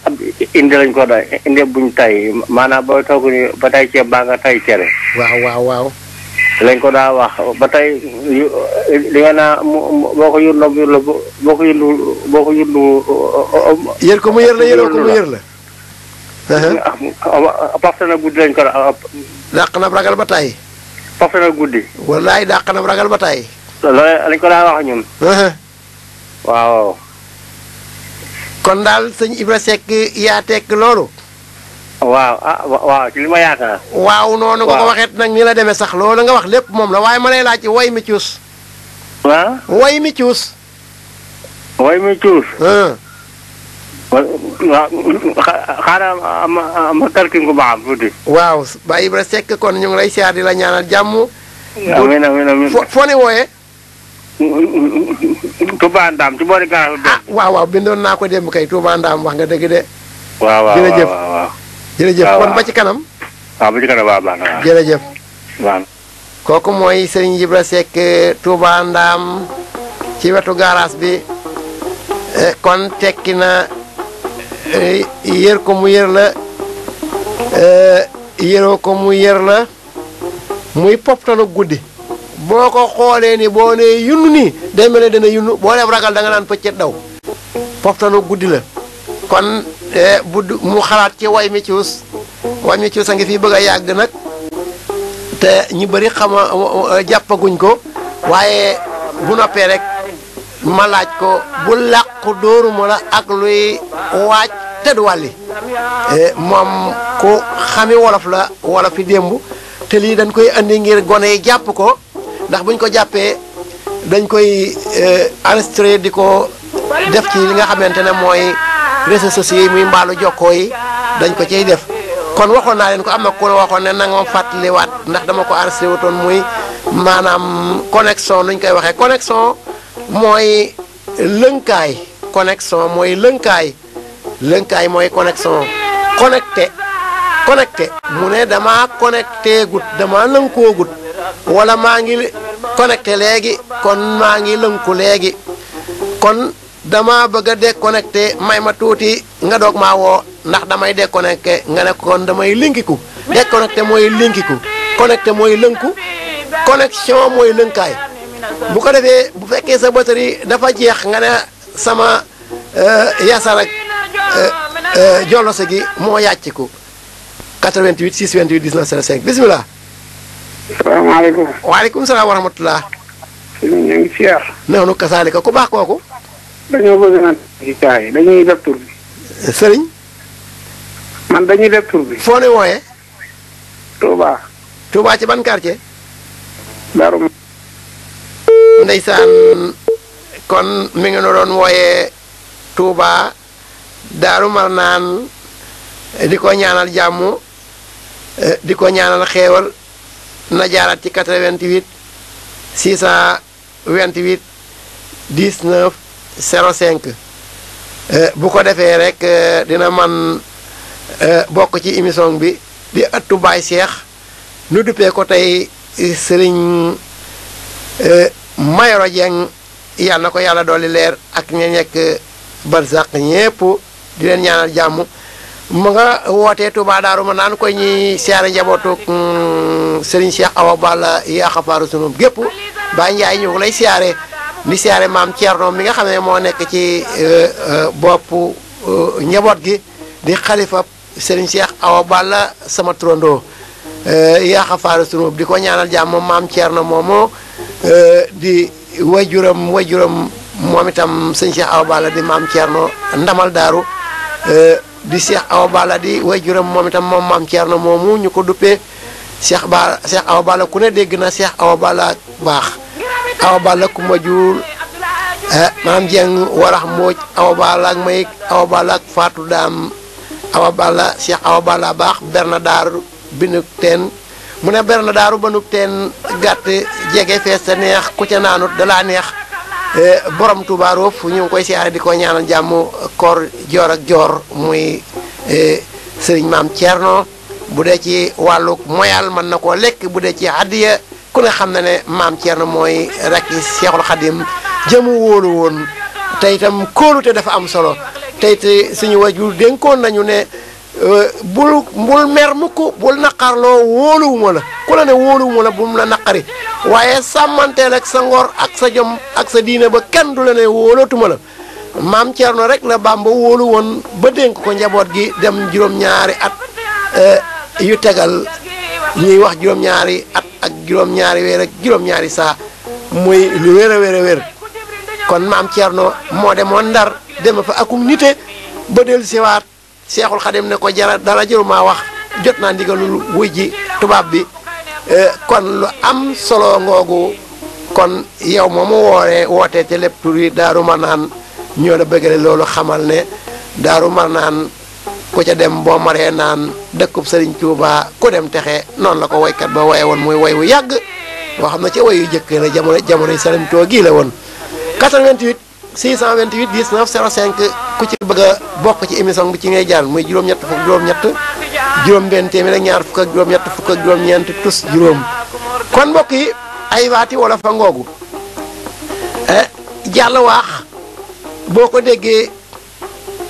indi lañ ko doy indi buñ tay maanaam booy togg ni ba tay ceeb baa nga tay cere waaw waaw waaw lañ ko daa wax ba tey li nga naa boo ko yurnoo mu yër ko mu yër la yëroo ko mu yër la uh-huh. ah, paftana guddi lañ ko daa ah, dàq na ragal ba tay paftana guddi wallaay dàq na ragal ba tay loolu lañ ko daan wax ñun. waaw. kon daal sëñ Ibra Seck yaa tekk loolu. waaw ah waaw ci li ma yaakaar. waaw noonu nga ko waxeet nag ni la demee sax loolu nga wax lépp moom la waaye ma lay laaj ci way mi cuus. waaw way mi cuus. way mi cuus. ma ma tarkin ko baax am tuuti. waaw ba Ibra Seck kon ñu ngi lay siyaar di la ñaanal jàmm. amiin amiin amiin fo ne wooyee. Touba Ndam ci bi. ah waaw waaw bindoon naa ko démb kay Touba wax nga dëgg de. jërëjëf kon ba ci kanam. waaw ba ci kanam jërëjëf. kooku mooy sëriñ Ibra Seck eh, Touba ci wetu garaas bi eh, kon tekki na eh, yër ko mu yër la yëroo ko mu yër la muy poptalu guddi. boo ko xoolee ni boo nee yunn nii day mel ne dana yunn boo def ragal danga nga naan pëccet daw poftanu guddi la kon eh, bu mu xalaat ci way mi cius way mi cius a ngi fi bëgg a yàgg nag te ñu bëri xama jàppaguñ ko waaye bu noppee rek ma laaj ko bu làqu dóoruma la ak luy waaj te du wàlli eh, moom ku xami wolof la wolof démb te lii dañ koy andi ngir gone yi jàpp ko ndax buñ ko jàppee dañ koy euh, enregistré di ko def ci li nga xamante ne mooy réseaux sociaux yi muy mbaalu jokkoo yi dañ ko ciy def kon waxoon naa leen ko am na ku waxoon ne na nga fàttaliwaat ndax dama ko enregistré wutoon muy maanaam connexion nuñ koy waxee connexion mooy lënkaay connexion mooy lënkaay lënkaay mooy connexion connecté connecté mu ne dama connecté gut damaa lënkoo gut wala maa ngi connecté léegi kon maa ngi lënku léegi kon dama bëgg a déconnecté may ma tuuti nga doog maa woo ndax damay déconnecté nga ne kon damay linkiku déconnecté mooy linkiku connecté mooy lënku connexion mooy lënkaay bu ko defee bu fekkee sa batterie dafa jeex nga ne sama euh, yasar ak euh, euh, gi moo yàcc ko 88 628 19 05 bisimilah. salaam wa rahmatulah. suñu ñu ngi siyaar. noonu kasaalika ku baax kooku. dañoo bëgg naan ci dañuy def tur bi. sëriñ. man dañuy def tur bi. foo ne wooyee. Touba. Touba ci ban quartier. Darum. Ndeysaan kon mi ngi doon wooyee Touba Daaru Marnaan di ko ñaanal jàmm. Eh, di ko ñaanal xeewal na jaaraat ci 88 628 19 05 bu ko defee rek eh, dina man eh, bokk ci émission bi di ëttu baay seex nu duppee ko tey sëriñ Mayoro Dieng yàlla na ko yàlla dolli leer ak ña nekk barsàq ñépp di leen ñaanal jàmm mu nga wootee Touba Darou ma naan koy ñi siyaare njabootu mm, Serigne Cheikh Awa Balla yaa xafaaru sunum gépp Baye Ndiaye ñu ngi lay siyaare ni siyaare maam Thierno mi nga xam ne moo nekk ci eh, eh, boppu eh, njaboot gi di xalifa Serigne Cheikh Awa sama turandoo yaa xafaaru sunum di ko ñaanal jàmm maam Thierno moomu di wajuram wajuram moom itam sëñ Cheikh Awa Balla di maam Thierno ndamal daaru di Cheikh Awa Balla di waajuram moom itam moom maam Thierno moomu ñu ko duppee Cheikh Ba ku ne dégg na Cheikh Awa Balla baax Awa ku ma juul eh, maam Dieng warax Mbodj Awa ak Mayik Awa ak Fatou Dame Awa Balla Cheikh Awa Balla baax Bernadar binuk teen mu ne Bernadaru banuk teen gàtt jege fees te neex ku ca dalaa neex Eh, borom Touba Roof ñu ngi koy siyaare di ko ñaanal jàmmu koor joor ak joor muy eh, sëriñ maam Thierno bu dee ci wàllu moyal mën na ko lekk bu dee ci hadiya ku ne xam na ne maam Thierno mooy rek Seexul Xadim jëmu wóolu woon te itam kóolute dafa am solo te it suñu wajur dénkoon nañu ne. Euh, bul bul mer mukk bul naqarloo wóoluwuma la ku la ne wóoluwuma la bum la naqari waaye sàmmanteel ak sa ngor ak sa jom ak sa diine ba kenn du la ne wóolootuma la maam Thierno rek la Bàmba wóolu woon ba ko njaboot gi dem juróom-ñaari at euh, yu tegal ñuy wax juróom-ñaari at ak juróom-ñaari weer ak juróom-ñaari saa muy lu wér a wér a kon maam Thierno moo demoon ndar dem fa akum nite ba dellusiwaat. seexul xadim ne ko jara dara jëru maa wax jot naa ndigalul wuy ji tubaab bi eh, kon lu am solo ngoogu kon yow moomu wooree wootee te lépp turi daaru marnaan ñoo la bëggale loolu xamal ne daaru marnaan ku ca dem boo maree naan dëkkub sëriñ Tuuba ku dem texe noonu la ko woykat ba woye woon muy woy wu yàgg boo xam na ca ci yu jëkk la jamono jamono yi sëriñ Tuuba gii la woon 88 628 19 05 ku ci bëgg bok ci émission bi ci ngay jaar muy juroom ñett fuk juroom ñett juroom ben témi la ñaar fuk ak juroom ñett fuk ak juroom ñent tous juroom kon mbokk yi ay waati wala fa ngogu eh, jàll waax wax boko déggé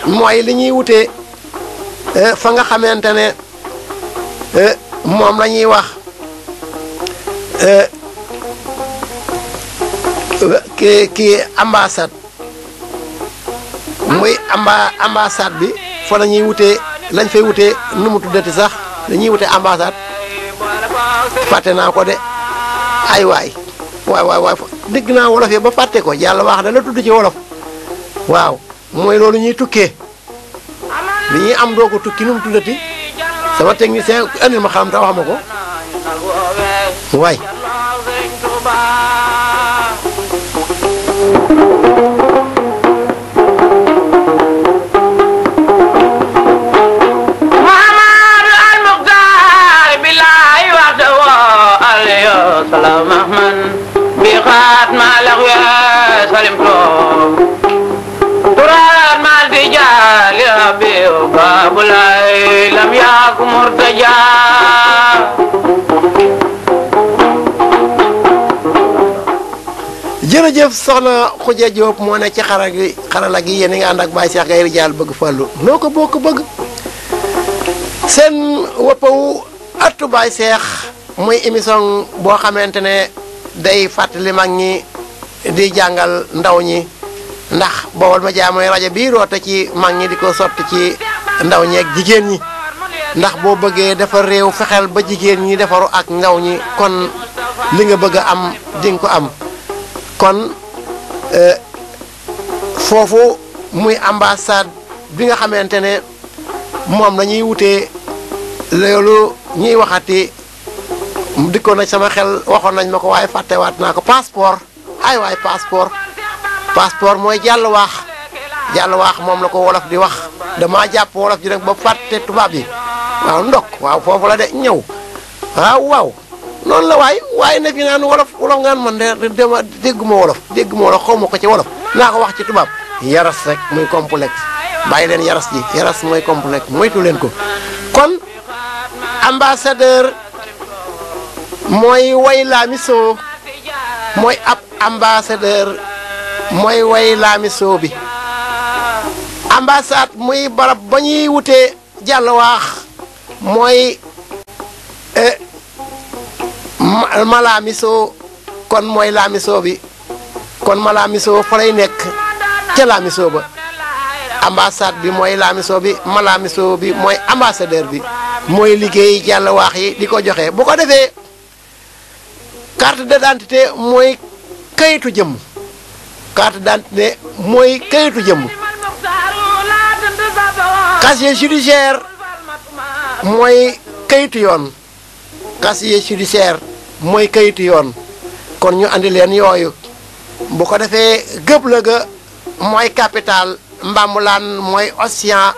moy li ñuy wutee eh, fa nga xamantene ne eh, mom lañuy wax wax ke ke ambassade muy amba ambassade bi fa la ñuy wutee lañ fay wutee nu mu tuddati sax dañuy wute ambassade fàtte naa ko de ay waay waay waay waay dëgg naa wolof yi ba fàtte ko yàlla wax da la tudd ci wolof waaw mooy loolu ñuy tukkee li ñuy am doo ko tukki nu tuddati sama technicien andil ma xam te wax ko waay وسلم مهما بغات مع لغو سلمتم تراد مع الرجال أبي وباب لم يكن مرتجا jërëjëf soxna Khoudia Diop moo ne ci xarala gi xarala gi yéen a ngi ànd ak Baye Cheikh Gaye bëgg fàllu noo ko bokk bëgg seen woppawu attu Baye Cheikh muy émission boo xamante ne day fàttali mag ñi di jàngal ndaw ñi ndax Baol Médias mooy rajo bii roote ci mag ñi di ko sotti ci ndaw ñi ak jigéen ñi ndax boo bëggee defar réew fexeel ba jigéen ñi defaru ak ndaw ñi kon li nga bëgg a am di ko am kon euh, foofu muy ambassade bi nga xamante ne moom lañuy ñuy wutee loolu ñuy waxati mu na sama xel waxon nañ mako way faté wat na ko passeport ay way passeport passeport moy jàll wax jàll wax mom la ko wolof di wax dama japp wolof ji nag ba faté tuba bi waw ndok waw fofu la dé ñew waw waw non la way way na fi nan wolof wolof ngaan man dé dama mo wolof dégg wolof la xom ko ci wolof na ko wax ci tuba yaras rek muy complexe bàyyi len yaras ji yaras moy complexe moytu len ko kon ambassadeur mooy woy la mooy ab ambassadeur mooy woy la bi ambassade muy barab ba ñuy wutee jàll waax mooy eh, ma la kon mooy la mission bi kon ma la mission nekk ca la mission ba ambassade bi mooy laamiso bi malaamiso bi mooy ambassadeur bi mooy liggéey jàll waax yi di ko joxe bu ko defee carte d'identité mooy kayitu jëm carte d'identité mooy kayitu jëmm casier judiciaire mooy kayitu yoon casier judiciaire mooy kayitu yoon kon ñu andi leen yooyu bu ko defee gëb la ga mooy capital mbaamulaan mooy océan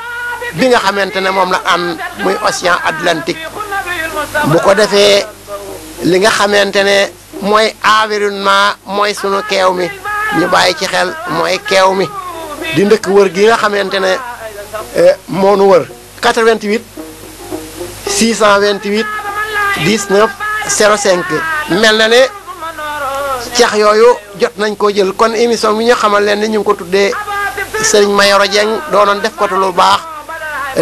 bi nga xamante ne moom la an muy océan Atlantique bu ko defee li nga xamante ne mooy environnement mooy sunu keew mi ñu bàyyi ci xel mooy keew mi di ndëkk wër gi nga xamante ne eh, moo nu wër 88 628 19 05 mel na ne ceex yooyu jot nañ koo jël kon émission bi ñu xamal leen ni ñu ngi ko tuddee Serigne Mayoro Dieng doonoon def ko lu baax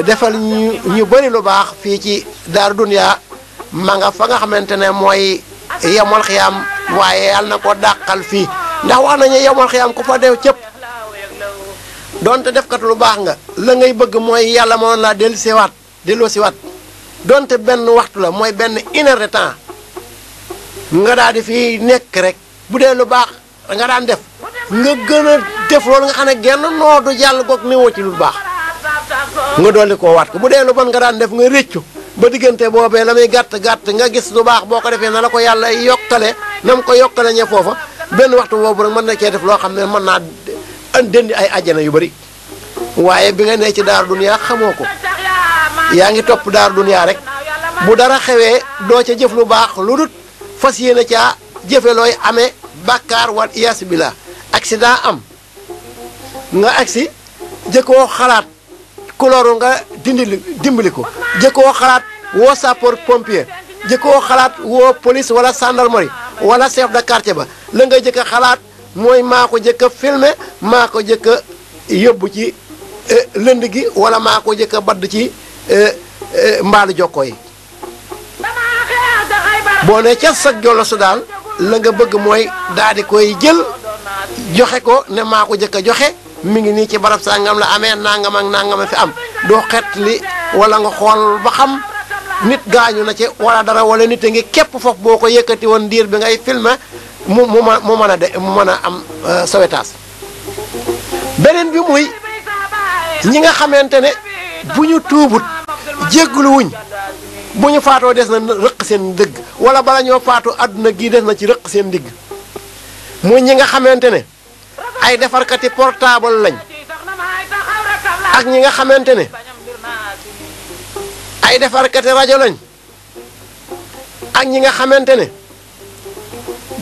defal ñu ñu bëri lu baax fii ci Daaru Dunya ma nga fa nga xamantene moy yamul khiyam waye yal na ko dàqal fii ndax wax nañu yamul khiyam ku fa dew cëpp donte kat lu bax nga la ngay bëgg mooy yàlla del laa dellu siwaat delloo siwaat donte ben waxtu la moy ben une temps nga da di fi nek rek bu de lu bax nga daan def nga gëna def loolu nga xana genn noo yalla gok goog néewoo ci lu bax nga doli ko wat ko bu de lu ban nga daan def nga reccu ba diggante boobee la muy gàtt gàtt nga gis lu baax boo ko defee na la ko yàlla yokkale na mu ko yokkale ñe foofa benn waxtu boobu rek mën na cee def loo xam ne mën naa dëndi ay ajjana yu bari waaye bi nga nee ci daar duniyaa xamoo ko yaa ngi topp daar duniyaa rek bu dara xewee doo ca jëf lu baax lu dut fas yéene caa jëfe looy amee bàkkaar wal iyaas billah daa am nga agsi jëkkoo xalaat ku nga dindi dimbali ko jëkkoo xalaat woo sapeur pompier jëkkoo xalaat woo police wala gendarmerie wala chef de quartier ba la nga jëkk xalaat mooy maa ko jëkk a filmer maa ko jëkk yóbbu ci eh, lënd gi walla maa ko jëkk badd ci eh, eh, mbaalu jokko yi boo ne ca sag jolo su daal la nga bëgg mooy daal koy jël joxe ko ne maa ko jëkk a joxe mi ngi nii ci barab sàngam la amee nangam ak nangam a fi am doo xet li wala nga xool ba xam nit gaañu na ci wala dara wala nit a ngi képp foofu boo ko yëkkati woon diir bi ngay filmer mu mu mu mën a de mu mën a am euh, sawetaas beneen bi muy ñi nga xamante ne bu ñu tuubut jégglu bu ñu faatoo des na rëq seen dëgg wala bala ñoo faatu àdduna gii des na ci rëq seen digg muy ñi nga xamante ne ay kati portable lañ ak ñi nga xamantene ay kati radio lañ ak ñi nga xamantene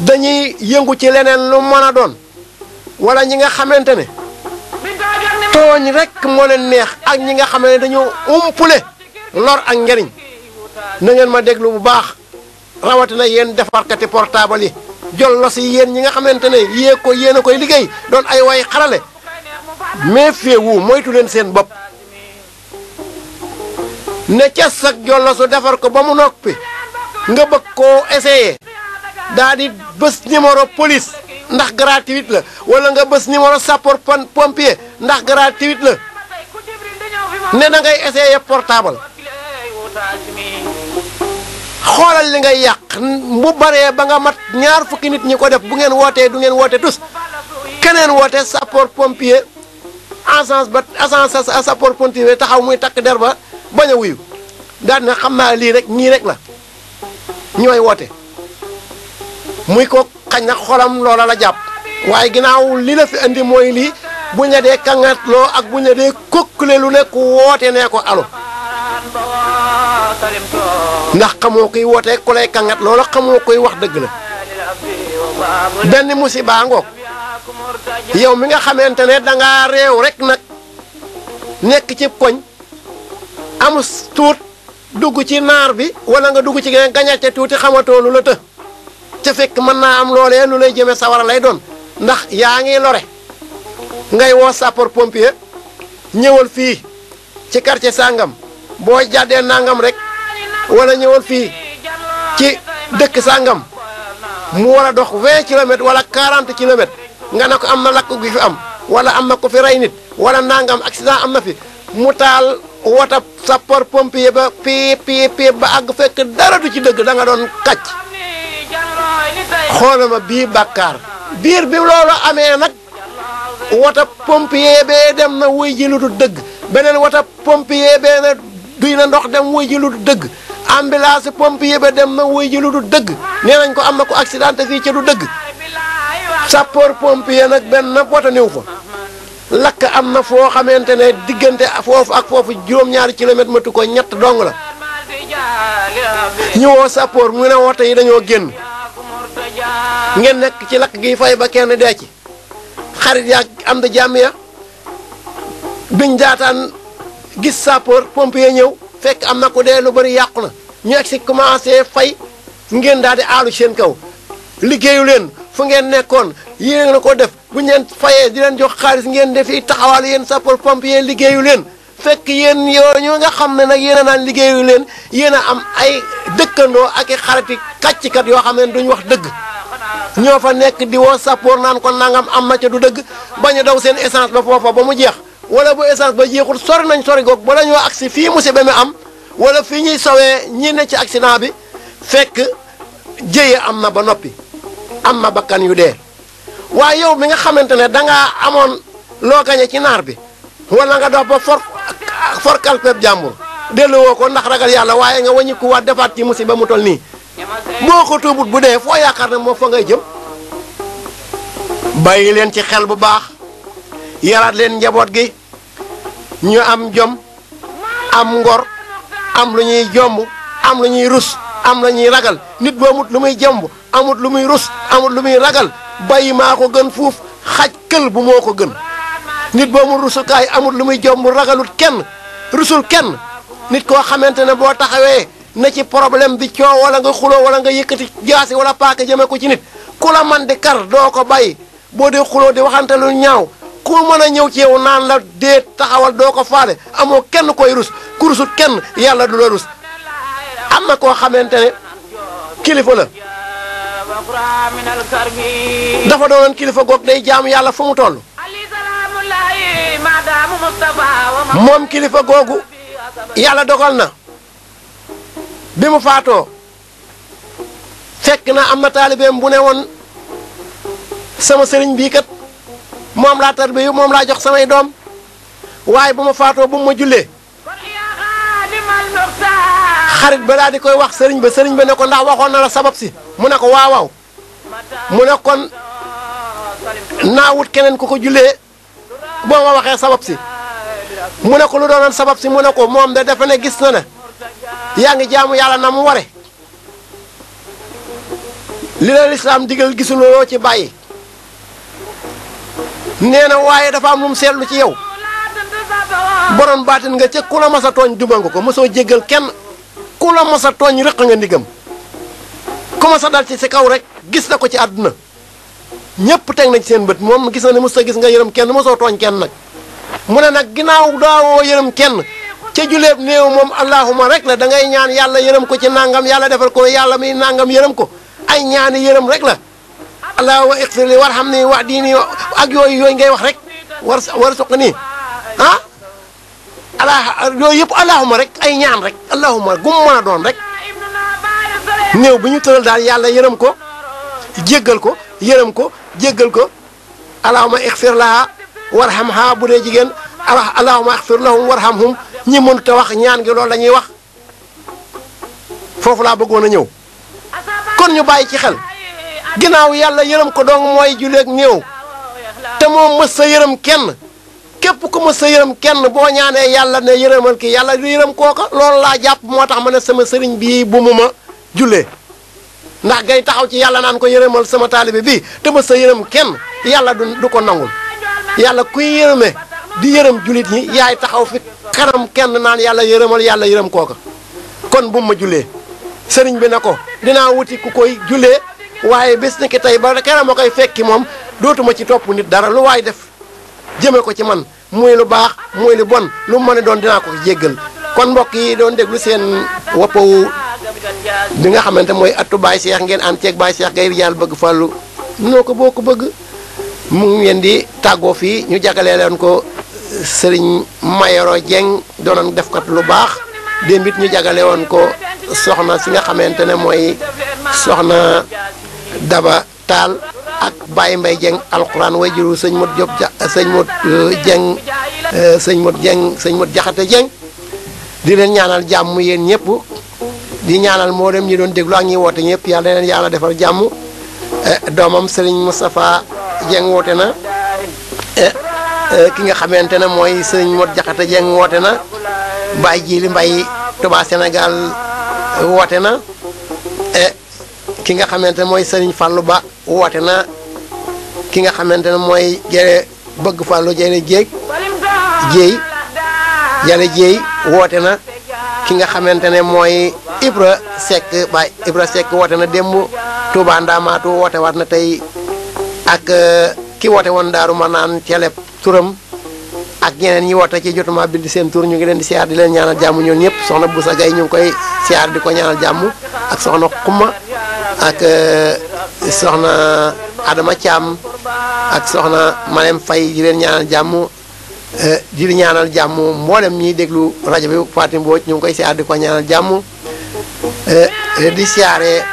dañuy yëngu ci leneen lu mëna doon wala ñi nga xamantene tooñ rek mo leen neex ak ñi nga xamantene dañu umpule lor ak ngariñ na ngeen ma déglu bu baax yeen defar kati portable yi jollosi yeen ñi nga xamantene yé ko yeena koy liggéey doon ay way xarale mais féwu moytu len seen bop ne ci sax jollosu su defar ko ba mu nopi nga bëgg ko essayer daa di bés numéro police ndax gratuit la wala nga bëss numéro sapeur pompier ndax gratuit la ne da ngay essayer portable xolal li nga yak bu bare ba nga mat ñaar fukki nit ñi ko def bu ngeen wote du ngeen wote tus keneen wote sapor pompier agence ba agence sapeur pompier taxaw muy tak der ba baña wuyu daal na xam naa rek ñi rek la ñoy wote muy ko xañ xolam loola la japp waye ginaaw li la fi andi moy li bu ñu kangat lo ak bu ñu kokule lu nek wote ko alo ndax xamoo koy wootee ko lay kangat loola xamoo koy wax dëgg la benn musiba ngo yow mi nga xamante ne da ngaa réew rek nag nekk ci koñ amu tuut dugg ci naar bi wala nga dugg ci gën gañacce tuuti xamatoo lu la të ca fekk mën naa am loolee lu lay jëme sawara lay doon ndax yaa ngi lore ngay woo sapeur pompier ñëwal fii ci quartier sangam boo jàddee nangam rek wala ñëwal fii ci dëkk ngam mu war a dox 20 kilomètres wala 40 kilomètres nga ne ko am na lakk gi fi am wala am na ko fi rey nit wala nangam accident am na fi mu taal wota sapeur pompier ba piip piip piip ba àgg fekk dara du ci dëgg da nga doon kàcc ma bii bàkkaar biir bi loolu amee nag wota pompier bee dem na wuy ji lu dëgg beneen wota pompier bee na duy na ndox dem woy ji lu du dëgg ambulance pompier ba dem na woy ji lu du dëgg nee nañ ko am na ko accident fii ca du dëgg sappoor pompier nag benn woto néew fa lakk am na foo xamante ne diggante foofu ak foofu juróom-ñaari kilomètre matu ko ñett dong la ñëwoo sappoor mu ne woto yi dañoo génn ngeen nekk ci lakk gi fay ba kenn dee ci xarit yaa am da jàmm ya biñ daataan gis sapeur pompier ñëw fekk am na ko dee lu bëri yàqu na ñu egg si fay ngeen daal di aalu seen kaw liggéeyu leen fu ngeen nekkoon yéen na ko def bu ñu leen fayee di leen jox xaalis ngeen def yi taxawal yéen sapeur pompier liggéeyu leen fekk yéen yooyu nga xam ne nag yéen naan liggéeyu leen yéen a am ay dëkkandoo ak i xariti kàccikat yoo xam ne duñ wax dëgg ñoo fa nekk di woo sapeur naan ko nangam am na ca du dëgg bañ a daw seen essence ba ba mu jeex. wala bu essence ba jeexul sori nañ sori goog bala aksi fi fii be mi am wala fi ñuy sawé ñi ne ci accident bi fekk jeeyé am na ba noppi am na bakkan yu dé wa yow mi nga xamantene da nga amone lo gañe ci nar bi wala nga dox ba for for calpe jambour delloo woko ndax ragal yalla waye nga ku wa defaat ci musiba mu tol ni moko tobut bu dé fo yaakar na mo fa ngay jëm bayi len ci xel bu baax yaraat leen njaboot gi ñu am jom am ngor am lu ñuy jomb am lu ñuy rus am la ñuy ragal nit bu amut lu muy jomb amut lu muy rus amut lu muy ragal bàyyi maa ko gën fuuf xaj kël bu moo ko gën nit bu amul rusukaay amut lu muy jomb ragalut kenn rusul kenn nit koo xamante ne boo taxawee na ci problème bi coow wala nga xuloo wala nga yëkkati jaasi wala paaka jëme ko ci nit ku la man di kar doo ko bàyyi boo dee xuloo di waxante lu ñaaw ku mën a ñëw ci yow naan la dee taxawal doo ko faale amoo kenn koy rus ku rusut kenn yàlla du la rus am na koo xamante ne kilifa la dafa doonoon kilifa goog day jaam yàlla fu mu toll moom kilifa googu yàlla dogal na bi mu faatoo fekk na am taalibeem bu ne woon sama sëriñ bii kat moom laa tarbiyu moom laa jox samay doom waaye bu ma faatoo bu ma jullee xarit ba daal di koy wax sëriñ ba sëriñ ba ne ko ndax waxoon na la sabab si mu ne ko waaw mu ne kon naa wut keneen ku ko jullee boo ma waxee sabab si mu ne ko lu doonoon sabab si mu ne ko moom de dafa ne gis na ne yaa ngi jaamu yàlla na mu ware li la lislaam digal gisuloo ci bàyyi nee na waaye dafa am lu mu seetlu ci yow borom baatin nga ca ku la mas tooñ duma nga ko masoo jéggal kenn ku la mas a tooñ rëq nga ndigam ku mas a dal ci sa kaw rek gis na ko ci àdduna ñëpp teg nañ ci seen bët moom gis na ne mos a gis nga yërëm kenn mosoo tooñ kenn nag mu ne nag ginnaaw daawoo yërëm kenn ca juleeb néew moom allahuma rek la da ngay ñaan yàlla yërëm ko ci nangam yàlla defal ko yàlla muy nangam yërëm ko ay ñaani yërëm rek la allahumma ighfir li warhamni wa diini ak yooyu yooyu ngay wax rek war war a suq nii ah allah yooyu yëpp allahuma rek ay ñaan rek allahuma gum mën a doon rek néew bi ñu tëral daal yàlla yërëm ko jéggal ko yërëm ko jéggal ko allahuma ighfir xam warhamha bu dee jigéen allah allahuma ighfir war warhamhum ñi mënut a wax ñaan gi loolu la ñuy wax foofu laa bëggoon a ñëw kon ñu bàyyi ci xel. ginnaaw yàlla yërëm ko dong mooy juleeg néew te moom mës sa yërëm kenn képp ku mës sa yërëm kenn boo ñaanee yàlla ne yërëmal kii yàlla du yërëm kooka loolu laa jàpp moo tax ma ne sama sëriñ bii bu mu ma julee ndax gay taxaw ci yàlla naan ko yërëmal sama taalibe bii te mës sa yërëm kenn yàlla du ko nangul yàlla kuy yërëme di yërëm julit ñi yaay taxaw fi kanam kenn naan yàlla yërëmal yàlla yërëm kooka kon bu mu ma julee sëriñ bi na ko dinaa wuti ku waye bés ni ki tay ba efek ma koy fekki mom dootuma ci top nit dara lu way def jeme ko ci man muy lu bax muy lu bon lu mo ne don jegel ko jéggal kon mbokk yi doon déglu sen wopo bi nga xamantene moy attu bay cheikh ngeen ànd ceeg baay seex ngay yàlla bëgg fàllu noo ko mu ngi di tàggoo fi ñu jagalé leen ko serigne Mayoro jeng donon def ko lu bax dembit ñu jagalé won ko soxna si nga xamantene moy soxna daba taal ak Baye mbay Dieng alxuraan way juru sëñ Modou Diop ja sëñ Modou euh, Dieng euh, sëñ Modou Dieng sëñ di leen ñaanal jàmm yéen ñëpp di ñaanal moo dem ñi doon déglu ak woote ñëpp yàlla na leen yàlla defal jàmm eh, doomam sëriñ Moustapha Dieng woote na eh, eh, ki nga xamante ne mooy sëriñ Modou Jaxate Dieng woote na Baye Jili mbay Touba senegal woote na ki nga xamantene moy serigne fallu ba wote na ki nga xamantene moy jere bëgg fallu jere jéeg jeey yalla jeey wote na ki nga xamantene moy ibra sek ba ibra sek wote na démb tuuba ndaamaatu wote wat na tay ak eh, ki wote won daaru ma naan celeb turam ak ñeneen ñi woote ci jottuma bind seen tour ñu ngi leen di siar di leen ñaanal jamm ñoon ñep soxna busa gay ñu koy siar di ko ñaanal jamm ak soxna xuma ak euh, soxna Adama Thiam ak soxna Malem fay di leen ñaanal jàmm euh, di leen ñaanal jàmm mboolem ñiy déglu rajo bi Fatim Mbodj ñu ngi koy siyaar di ko ñaanal euh, di siyaare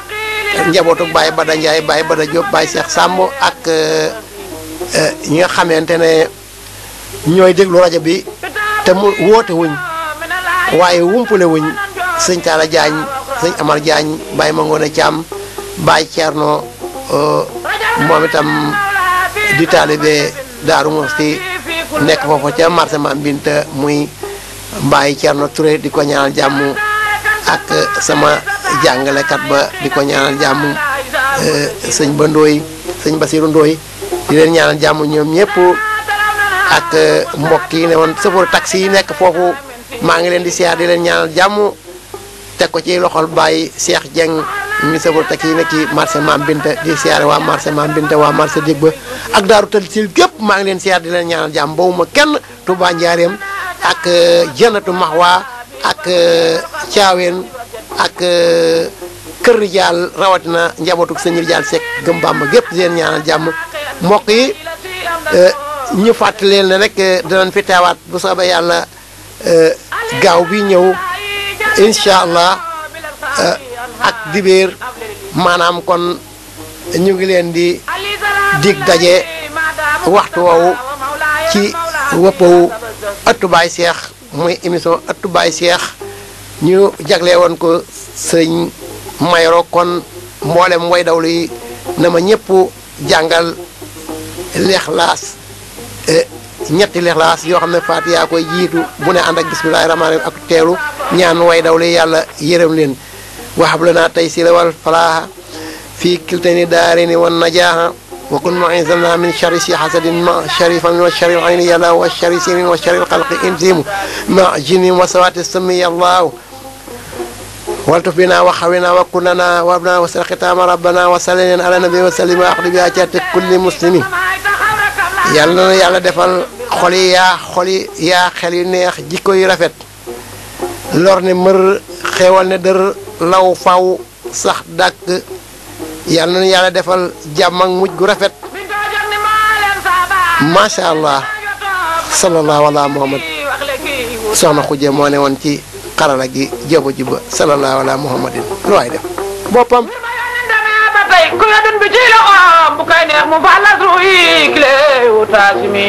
njabootu Baye Bada Ndiaye Baye Bada Diop Baye Cheikh Samb ak ñi nga xamante ne ñooy déglu rajo bi te mu woote wuñ waaye wumpule wuñ sëñ Talla Diagne sëñ Amar Diagne Baye Mangone Thiam. Baye Thierno euh, moom itam di taalibe Daaru Musti nekk foofu ca marché Mame Binta muy Baye Thierno Touré di ko ñaanal jàmm ak sama jàngalekat ba di ko ñaanal jàmm euh, sëñ ba Ndooy sëñ Basiru Ndooy di leen ñaanal jàmm ñoom ñëpp ak euh, mbokk yi ne woon sëfër taxi yi nekk foofu maa ngi leen di siyaar di leen ñaanal jàmm teg ko ci loxol Baye Cheikh Dieng. monsieur wol tak yi nekk ci marché mam binte di siar wa marché mam binte wa marché dég ba ak daru tal sil gep ma ngi len siar di len ñaanal jam bawuma kenn touba ndiarem ak eh, jannatu mahwa ak eh, caaween ak eh, keur rijaal rawatina njabotuk sëñ rijaal sek gem bamba gep di len ñaanal jam mok yi ñu fatale leen ne rek lan fi tawat bu soba yalla gaaw bi ñew inshallah ak dibéer maanaam kon ñu ngi leen di dig daje waxtu woowu ci wëppawu ëttu baay seex muy émission ëttu baay seex ñu jagle woon ko sëñ Mayoro kon mboolem way dawlu yi na ma ñëpp jàngal lexlaas e, ñetti lexlaas yoo xam ne Faatiha koy jiitu bu ne ànd ak bismillaahi rahmaani ak teelu ñaan way dawlu yàlla yërëm leen واحب لنا التيسير والفلاح في كلتين دارين والنجاح وكن معيذنا من شر حسد ما شريفا من شر العين يلا والشر سين وشر القلق انزيم مع جن وسوات السم يا الله والتف بنا وخونا وكلنا وابنا وسر ختام ربنا وسلم على النبي وسلم واخذ بحاجات كل مسلم يلا يلا yàlla خلي يا خلي يا خلي نيخ جيكو xel لورني مر xéewal ne dër law faw sax dàkk yal na yàlla defal jàmm ak mujj gu rafet macha allah sallallahu ala muhammad soxna xuje moo ne woon ci xarala gi jéba juba sallallahu ala muhammadin lu waay def boppam ku yodun bi ci loxoom bu koy neex mu falas ruy kilé wu taasimi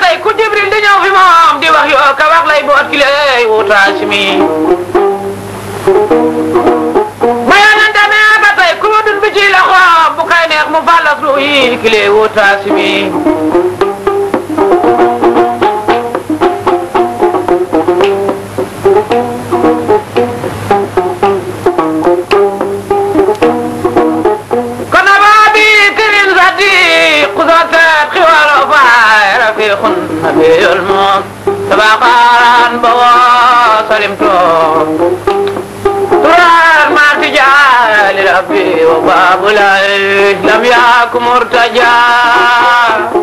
si ku Jibril di ñëw fi moom di wax yoo wax lay boot ki lay wut Asimi ci loxo wéyal moom tabaxaan ba woo salim toog turaan maa tijaali rabbi wa baabulay lam yaaku murtajaa